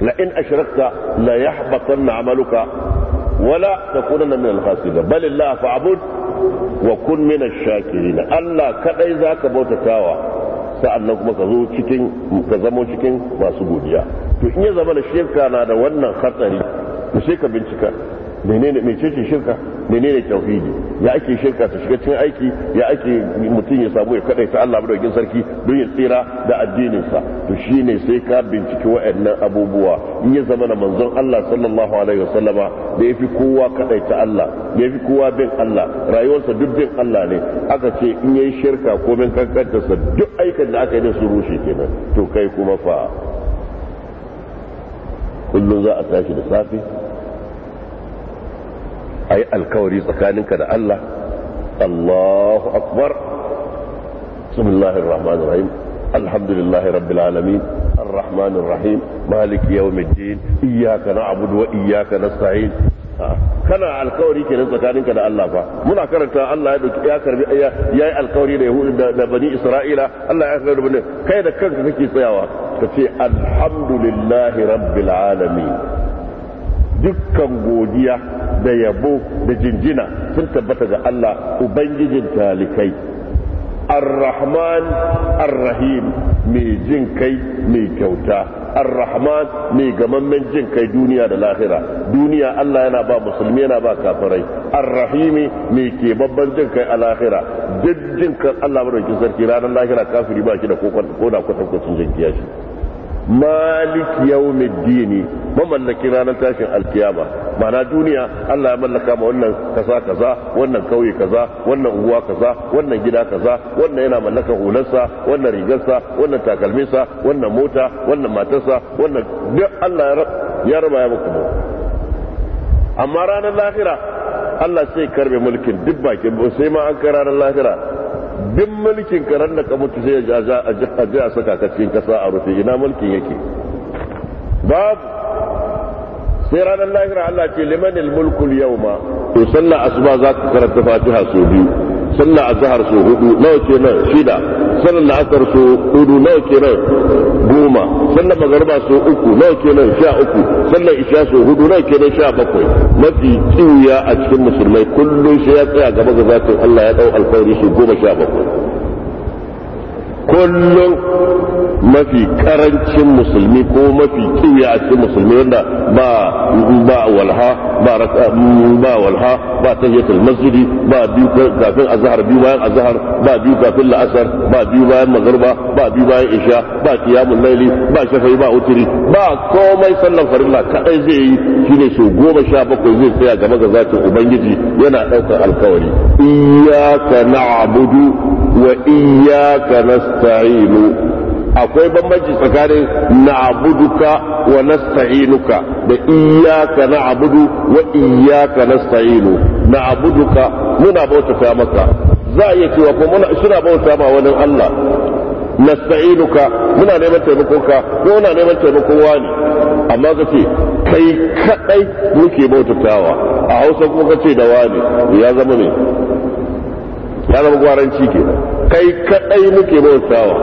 la'in in ashrakta la yahbatan na amaluka wala takunanna min al-khasirin bal Allah fa'bud wa kun min ash Allah kaɗai zaka bautatawa sa'annan kuma ka zo cikin ka zamo cikin masu godiya to in ya zama da shirka na da wannan hatsari to sai bincika menene mai cece shirka menene tauhidi ya ake shirka ta shiga cikin aiki ya ake mutum ya samu ya kadaita Allah wajen sarki don ya tsira da addinin sa to shine sai ka binciki waɗannan abubuwa in ya zama na manzon Allah sallallahu alaihi wasallama da yafi kowa kadaita Allah da yafi kowa bin Allah rayuwarsa duk bin Allah ne aka ce in yayi shirka ko min kankantarsa duk aikin da aka yi da su rushe kenan to kai kuma fa kullum za a tashi da safe a yi alkawari tsakaninka da Allah Allahu akbar bismillahir rahmanir rahim alhamdulillahi rabbil alamin arrahmanir rahim maliki yawmiddin iyyaka na'budu wa iyyaka nasta'in kana alkawari kenan tsakaninka da Allah fa muna karanta Allah ya dauki ya karbi ya yi alkawari da yahudu da bani isra'ila Allah ya karbi bani kai da kanka kake tsayawa ka ce alhamdulillahi rabbil alamin dukkan godiya da yabo da jinjina sun tabbata ga Allah ubangijin talikai ar-rahman ar-rahim mai jin kai mai kyauta ar-rahman mai gamammen jin kai duniya da lahira duniya Allah yana ba musulmi yana ba kafirai ar rahim mai ke babban jin kai a lahira duk jin kai Allah madaukakin sarki ranar lahira kafiri ba shi da ko da kwatankwacin jinkiya shi maliki yawmid dini mamallaki ranar tashin alkiyama ma'ana duniya Allah ya mallaka ma wannan kaza kaza wannan kauye kaza wannan uwa kaza wannan gida kaza wannan yana mallaka hularsa wannan rigarsa wannan takalminsa wannan mota wannan matarsa wannan duk Allah ya raba ya muku amma ranar lahira Allah sai karbe mulkin duk bakin sai ma an kai ranar lahira duk mulkin karen da ka mutu sai ya ja a ji a saka ka cikin kasa a rufe ina mulkin yake babu sai ranar lahira Allah ce limanil mulkul yawma to sallah asuba za ka karanta fatiha sau biyu sallah azhar su hudu nawa kenan shida sallar la'asar su hudu nawa kenan goma sallar magariba su uku nawa kenan sha uku sallar isha su hudu nawa kenan sha bakwai mafi kiwiya a cikin musulmai kullum sai ya tsaya gaba ga zatin Allah ya dau alkhairi shi goma sha bakwai kullum mafi karancin musulmi ko mafi kiwiya a cikin musulmi wanda ba ba walha ba ba walha ba tahiyatul masjidi ba biyu kafin azhar biyu bayan azhar ba biyu kafin la'asar ba biyu bayan magharba ba biyu bayan isha ba qiyamul layli ba shafa'i ba utri ba komai sallan farilla kadai zai yi shine so goma sha bakwai zai tsaya gaba ga zatin ubangiji yana daukar alkawari iyyaka na'budu wa iyyaka nasta'inu akwai bambanci tsakanin na'buduka wa nasta'inuka da iyyaka na'budu wa iyyaka nasta'inu na'buduka muna bautata maka za a iya cewa ko muna suna bauta ma wani Allah nasta'inuka muna neman taimakonka ko muna neman taimakon wani amma ka ce kai kadai muke bautatawa a hausa kuma ka ce da wani ya zama ne ya zama gwaranci ke kai kadai muke bautawa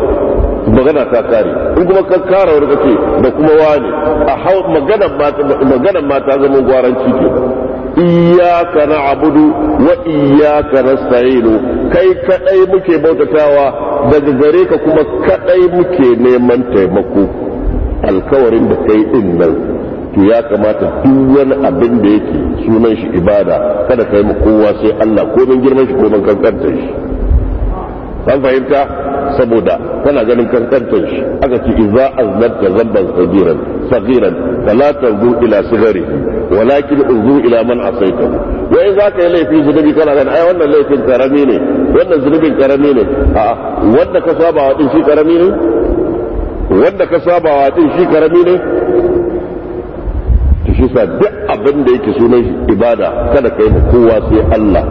magana ta kare in kuma ka kara wani kake da kuma wani a hau maganar mata maganar mata zama gwaranci ke na abudu wa na sayinu kai kadai muke bautatawa daga gare ka kuma kadai muke neman taimako alkawarin da kai din nan to ya kamata duk wani abin da yake sunan shi ibada kada ka yi kowa sai Allah ko don girman shi ko don kankantar shi san fahimta saboda kana ganin kankantar shi aka ce idza aznabta zabban sagiran sagiran fala tanzu ila sigari walakin unzu ila man asaita wa in zaka yi laifi zunubi kana ganin ai wannan laifin karami ne wannan zunubin karami ne a wanda ka saba wa din shi karami ne wanda ka saba wa din shi karami ne shi sa duk abin da yake sunan shi ibada kada kai mu kowa sai Allah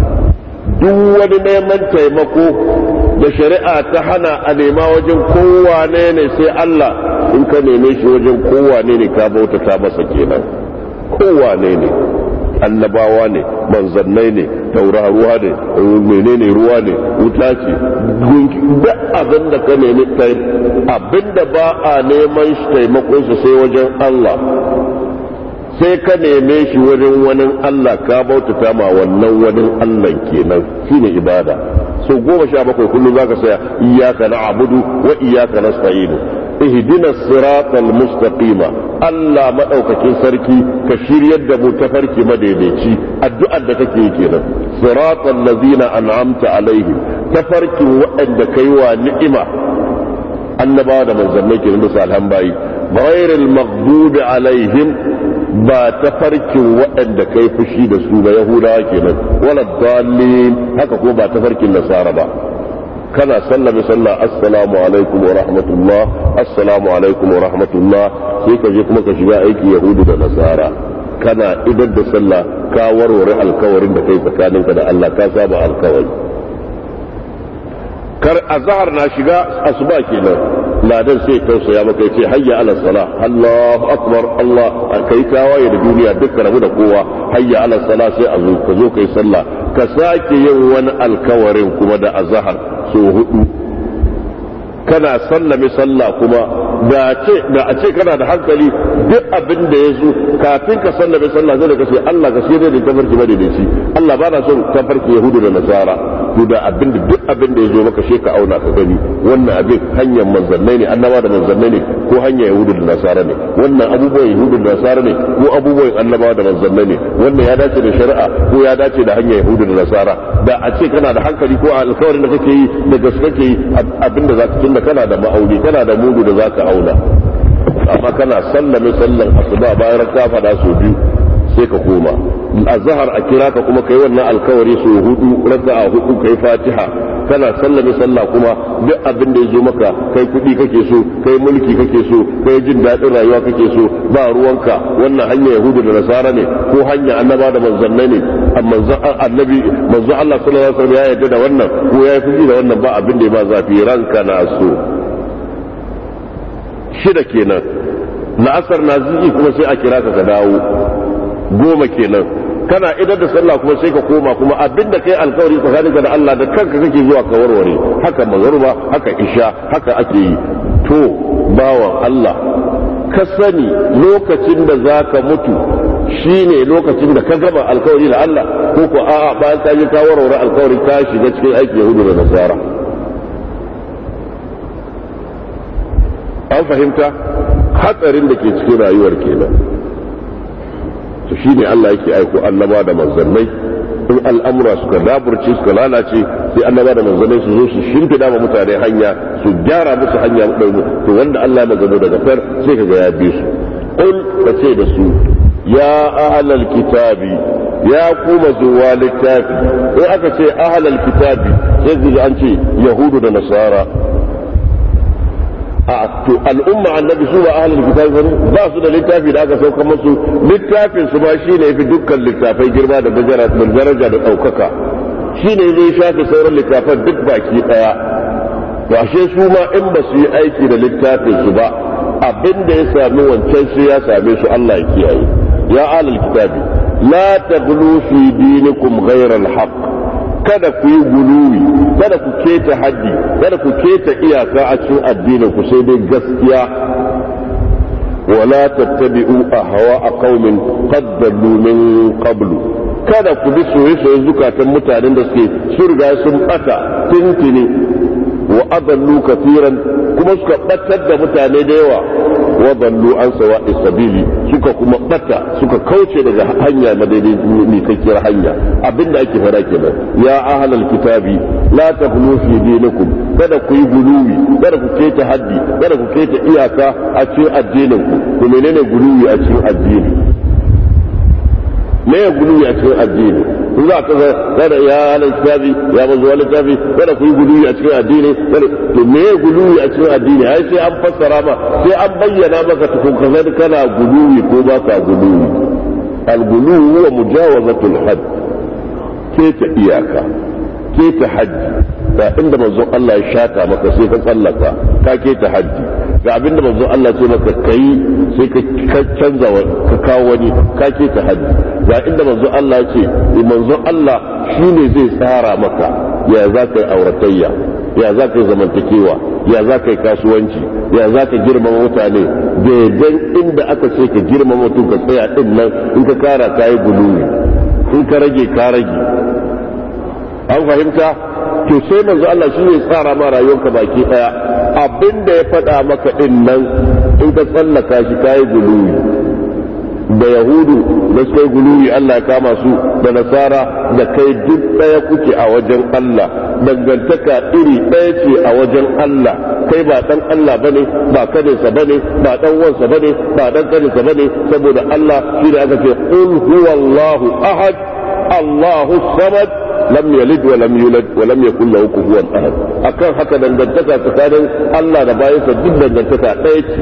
duk wani neman taimako da shari'a ta hana a nema wajen kowa ne ne sai Allah in ka neme shi wajen kowa ne ne ka ta masa kenan kowa ne ne annabawa ne manzannai ne ruwa ne ne ruwa ne wuta ce gunki duk abin da ka nemi abin da ba a neman shi sai wajen Allah sai ka neme shi wurin wani Allah ka bautata ma wannan wani Allah kenan shine ibada so goma sha bakwai kullum zaka saya iyyaka na'budu wa iyyaka nasta'in ihdina siratal mustaqima Allah madaukakin sarki ka shiryar da mu ta farki madaidaici addu'ar da kake yi kenan siratal ladzina an'amta alaihim tafarkin waɗanda kai wa ni'ima annabawa da manzannai kenan da salhan ghairil maghdubi alaihim ba ta farkin waɗanda kai fushi da su ba yahudawa kenan wala dalil haka ko ba ta farkin nasara ba kana sallame sallah assalamu alaikum wa rahmatullah assalamu alaikum wa rahmatullah sai ka je kuma ka shiga aiki yahudu da nasara kana idan da sallah ka warware alkawarin da kai tsakaninka da Allah ka saba alkawari kar azhar na shiga asuba kenan ladan sai tausaya maka yace hayya ala salah Allahu akbar Allah kai tawaye da duniya duka rabu da kowa hayya ala salah sai a zo ka zo kai sallah ka sake yin wani alkawarin kuma da azhar so hudu kana sallame sallah kuma da a ce kana da hankali duk abin da ya zo kafin ka sallame sallah zai da kace Allah ka shirye da tafarki bane da shi Allah ba na son tafarki yahudu da nasara to da abin da duk abin da ya zo maka sheka auna ka gani wannan abin hanyar manzannai ne annaba da manzannai ne ko hanyar yahudu da nasara ne wannan abubuwan yahudu da nasara ne ko abubuwan annabawa da manzannai ne wannan ya dace da shari'a ko ya dace da hanyar yahudu da nasara da a ce kana da hankali ko alkawarin da kake yi da gaske kake yi abinda za ka tunda kana da ma'auni kana da mudu da za ka aula amma kana sallame sallan asuba bayan ka faɗa su biyu sai ka koma a zahar a kira ka kuma kai wannan alkawari su hudu a hudu kai fatiha kana sallame sallah kuma duk abin da ya zo maka kai kudi kake so kai mulki kake so kai jin daɗin rayuwa kake so ba ruwanka wannan hanya yahudu da nasara ne ko hanya annaba da manzanne ne manzon annabi manzo Allah sallallahu alaihi wasallam ya yarda da wannan ko ya yi da wannan ba abin da ya ba zafi ranka na so shida kenan la'asar na zuci kuma sai a kira ka dawo goma kenan kana idan da sallah kuma sai ka koma kuma abinda kai alkawari tsakaninka da Allah da kanka kake zuwa ka warware haka magruba haka isha haka ake yi to bawan Allah ka sani lokacin da zaka mutu shine lokacin da ka gama alkawari da Allah ko ko a'a bayan ka yi ka warware alkawari ka shiga cikin aiki Yahudu da Nasara an fahimta hatsarin da ke cikin rayuwar kenan to shi ne Allah yake aiko annaba da manzannai in al'amura suka daburce suka lalace sai annaba da manzannai su zo su shimfida ma mutane hanya su gyara musu hanya ɗaumu to wanda Allah ya gano daga far sai ka ga ya bi su qul ka ce da su ya ahlal kitabi ya kuma zuwa littafi in aka ce ahlal kitabi sai an ce yahudu da nasara a to al'umma annabi su ba ahlul kitabi bane ba su da littafi da aka sauka musu littafin su ba shine fi dukkan littafai girma da daraja da daukaka shine zai shafi sauran littafan duk baki ɗaya to ashe su ma in ba su yi aiki da littafin su ba abin da ya sami wancan sai ya same su Allah ya kiyaye ya ahlul kitabi la taghlu fi dinikum ghayra al-haqq kada ku yi guluwi kada ku keta haddi kada ku keta iyaka a cikin addinin ku sai dai gaskiya wala tattabi'u ahwa qaumin qad dallu min qablu kada ku bi soyayya zukatan mutanen da suke surga sun bata tintini wa adallu kafiran kuma suka batar da mutane da yawa wa dallu an sawa sabili suka kuma bata suka kauce daga hanya na daidai ne kakkiyar hanya abinda ake fara kenan ya ahlal kitabi la taqulu fi dinikum kada ku yi gulumi kada ku kete haddi kada ku kete iyaka a cikin addinin ku ku menene gulumi a cikin addini me gulumi a cikin addini za ka kada ya littafi ya bazuwa littafi kada ku yi guluwi a cikin addini kada to me guluwi a cikin addini ai sai an fassara ma sai an bayyana maka tukun ka san kana guluwi ko ba ka guluwi al-guluwi huwa mujawazatul hadd keta iyaka keta hajji ga inda manzon Allah ya shata maka sai ka tsallaka ka ke ta haddi ga abinda manzon Allah ce maka kai sai ka canza ka kawo wani ka ke ta haddi ga inda manzon Allah ce eh, manzon Allah shine zai tsara maka ya za ka yi auratayya ya za ka yi zamantakewa ya za ka yi kasuwanci ya za ka girmama mutane daidan inda aka ce ka girmama mutum ka tsaya din nan in ka kara ka yi guluwi in ka rage ka rage an fahimta to sai manzo Allah shi ne tsara ma rayuwarka baki daya abinda ya faɗa maka din nan in ka tsallaka shi kai guluwi da yahudu da suka yi guluwi Allah ya kama su da nasara da kai duk daya kuke a wajen Allah dangantaka iri daya ce a wajen Allah kai ba dan Allah bane ba kaninsa bane ba dan bane ba dan kaninsa bane saboda Allah shi da aka ce qul huwallahu ahad Allahu samad lam yalid wa lam yulad wa lam yakul lahu kufuwan ahad akan haka dangantaka tsakanin Allah da bayansa duk dangantaka ɗaya ce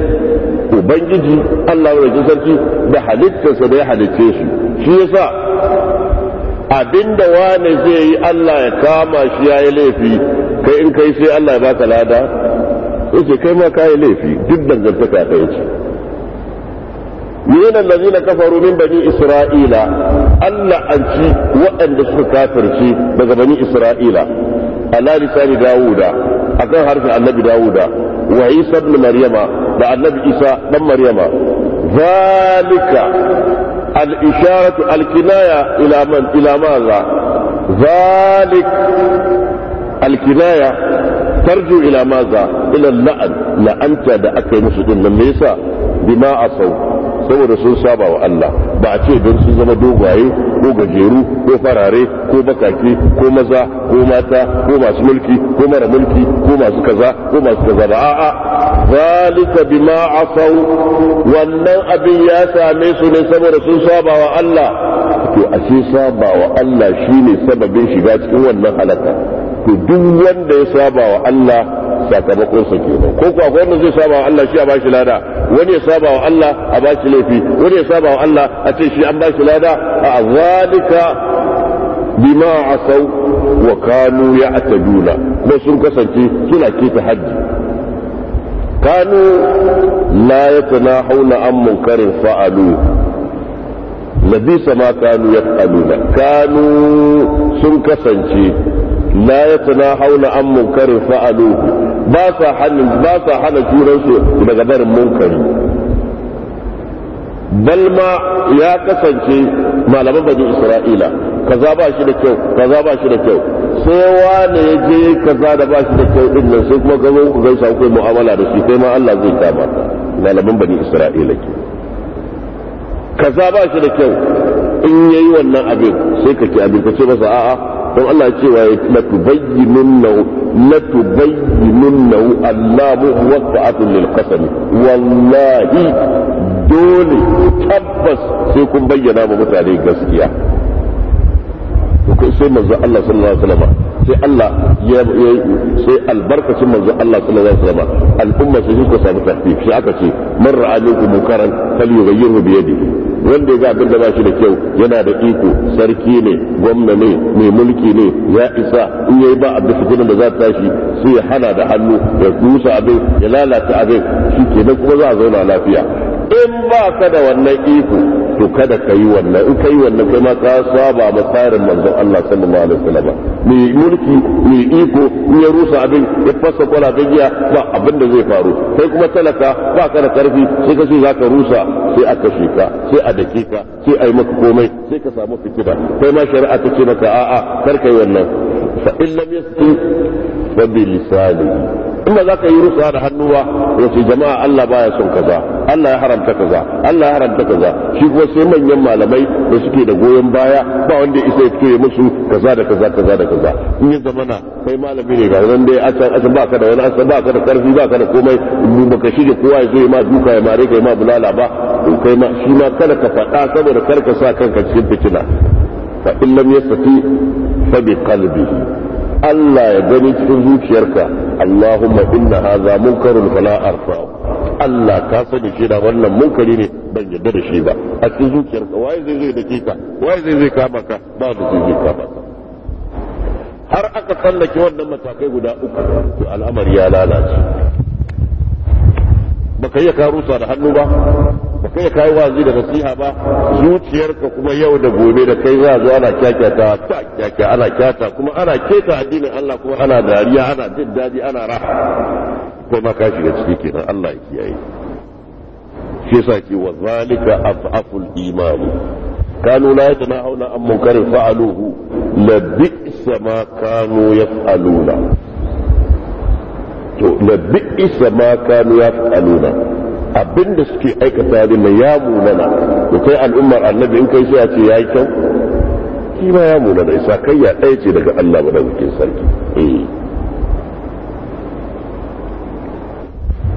ubangiji Allah wa sarki da halittarsa da ya halicce shi shi yasa abinda wani zai yi Allah ya kama shi ya yi laifi kai in kai sai Allah ya baka lada yake kai ma kai laifi duk dangantaka ɗaya ce من الذين كفروا من بني إسرائيل ألا أنشي وأن لسك كافر شي بني إسرائيل ألا لسان داوود أكان حرف النبي داوود وعيسى بن مريم مع النبي عيسى بن مريم ذلك الإشارة الكناية إلى من إلى ماذا ذلك الكناية ترجو إلى ماذا إلى اللعن لأنت دعك مسجد من ليس بما أصوب saboda sun saba wa Allah ba a ce don sun zama dogaye, ko gajeru ko farare ko bakaki ko maza ko mata ko masu mulki ko mara mulki ko masu kaza ko masu kaza ba a'a zalika bima asaw wannan abin ya same su ne saboda sun saba wa Allah to ce saba wa Allah shine sababin shiga cikin wannan halaka to duk wanda ya saba wa Allah sakamakon sa kenan ko kuwa wanda zai saba wa Allah shi a bashi lada wani ya saba wa Allah a bashi laifi wani ya saba wa Allah a ce shi an bashi lada a zalika bima asau wa kanu ya juna da sun kasance suna keta hajji kanu la yatanahawna an munkarin fa'alu labisa ma kanu yaf'aluna kanu sun kasance la yatana haula an munkari fa'alu ba sa hannun ba sa hana junansu daga barin munkari balma ya kasance malaman bani isra'ila kaza ba shi da kyau kaza ba shi da kyau sai wane ya je kaza da ba shi da kyau din nan sai kuma gaban ku gaisa ku mu'amala da shi sai ma Allah zai kama malaman bani isra'ila ke kaza ba shi da kyau in yayi wannan abin sai ka ki abin ka ce masa a'a don Allah cewa ya latubayyinunnahu allamu waqa'atun lil qasami wallahi dole tabbas sai kun bayyana ma mutane gaskiya sai manzo Allah sallallahu alaihi wasallam sai Allah ya sai albarkacin manzo Allah sallallahu alaihi wasallam al'umma sai suka samu tafi shi aka ce man ra'a minkum munkaran falyughayyirhu bi yadihi wanda ya ga abin da ba shi da kyau yana da iko sarki ne gwamna ne mai mulki ne ya isa in yayi ba abin sukunin da za ta tashi sai ya hana da hannu ya dusa abin ya lalata abin shi kenan kuma za a zauna lafiya in ba ka da wannan iko to kada ka yi wannan in ka yi wannan kai ma ka saba ma tsarin manzon Allah sallallahu alaihi wasallam mai mulki mai iko in ya rusa abin ya fasa kwala da giya ba abin da zai faru kai kuma talaka ba ka da karfi sai ka ce za ka rusa sai a kashe ka sai a dake ka sai a yi maka komai sai ka samu fitina kai ma shari'a ta ce maka a'a kar ka yi wannan fa in lam yastati fa bi lisanihi in za ka yi rusa da hannu ba ya ce jama'a Allah baya son kaza Allah ya haramta kaza Allah ya haramta kaza shi kuma sai manyan malamai da suke da goyon baya ba wanda isa ya fito ya musu kaza da kaza kaza da kaza in ya zamana kai malami ne ga nan dai asan asan ba ka da wani asan ba ka da karfi ba ka da komai in ba ka shige kowa ya zo ya ma duka ya mare ka ya ma bulala ba to kai ma shi ma kada ka faɗa saboda kar ka sa kanka cikin fitina fa in lam yastati fa bi qalbihi Allah ya gani cikin zuciyarka Allahumma inna hadha munkarun fala Allah ka sani shi da wannan munkari ne ban yadda da shi ba a cikin zuciyarka waye zai zai dake waye zai zai kama ka ba da zai zai kama ka har aka tsallake wannan matakai guda uku to al'amari ya lalace baka iya ka rusa da hannu ba baka iya kai wazi da nasiha ba zuciyarka kuma yau da gobe da kai za zo ana kyakyata ta kyakya ana kyata kuma ana keta addinin Allah kuma ana dariya ana jin dadi ana raha kai ma ka shiga ciki kenan Allah ya kiyaye shi yasa ki wa zalika af'aful iman kanu la yatanahuna an munkarin fa'aluhu la bi'sa ma kanu yaf'aluna to la bi'isa ma kanu yaf'aluna abinda suke aikata ne mai ya munana to kai al'ummar annabi in kai sai a ce yayi kyau shi ma ya munana isa kai ya ɗaya ce daga Allah madaukakin sarki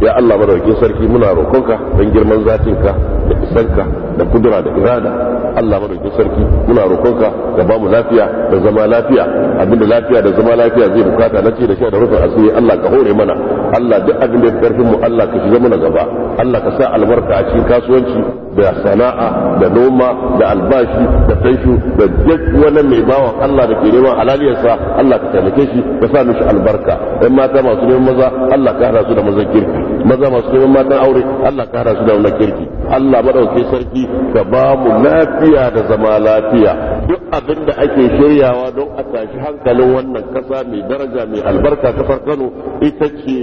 ya Allah madaukin sarki muna roƙonka don girman zatinka da isanka da kudura da irada Allah madaukin sarki muna roƙonka da ba mu lafiya da zama lafiya abinda lafiya da zama lafiya zai bukata na ce da sha da rufin asiri Allah ka hore mana Allah duk abin da karfin mu Allah ka shiga mana gaba Allah ka sa albarka a cikin kasuwanci da sana'a da noma da albashi da tanshu da duk wani mai bawan Allah da ke neman halaliyarsa Allah ka taimake shi ka sa mishi albarka ɗan mata masu neman maza Allah ka hada su da mazan kirki maza masu neman matan aure Allah ka hada su da wani kirki Allah madauke sarki ka ba mu lafiya da zama lafiya duk abin da ake shiryawa don a tashi hankalin wannan kasa mai daraja mai albarka kasar Kano ita ce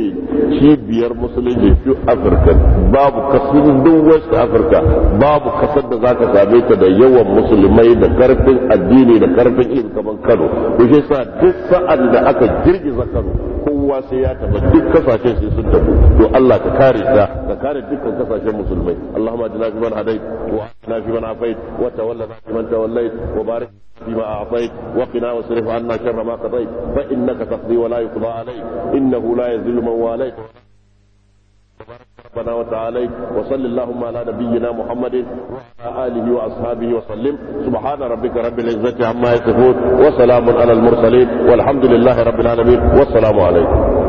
cibiyar musulunci duk Afirka babu kasar duk West Africa babu kasar da zaka same ta da yawan musulmai da karfin addini da karfin ilimi kamar Kano to sa duk sa'an da aka girgiza Kano kowa sai ya tafi duk kasashe sai sun tafi to Allah ka kare ta ka kare dukkan kasashen musulmai Allahumma ajina fi man hadait wa ajina fi man afait wa tawalla fi man tawallait wa barik فيما أعطيت وقنا واصرف عنا شر ما قضيت فإنك تقضي ولا يقضى عليك إنه لا يذل من واليت ربنا وتعالى وصل اللهم على نبينا محمد وعلى اله واصحابه وسلم سبحان ربك رب العزه عما يصفون وسلام على المرسلين والحمد لله رب العالمين والسلام عليكم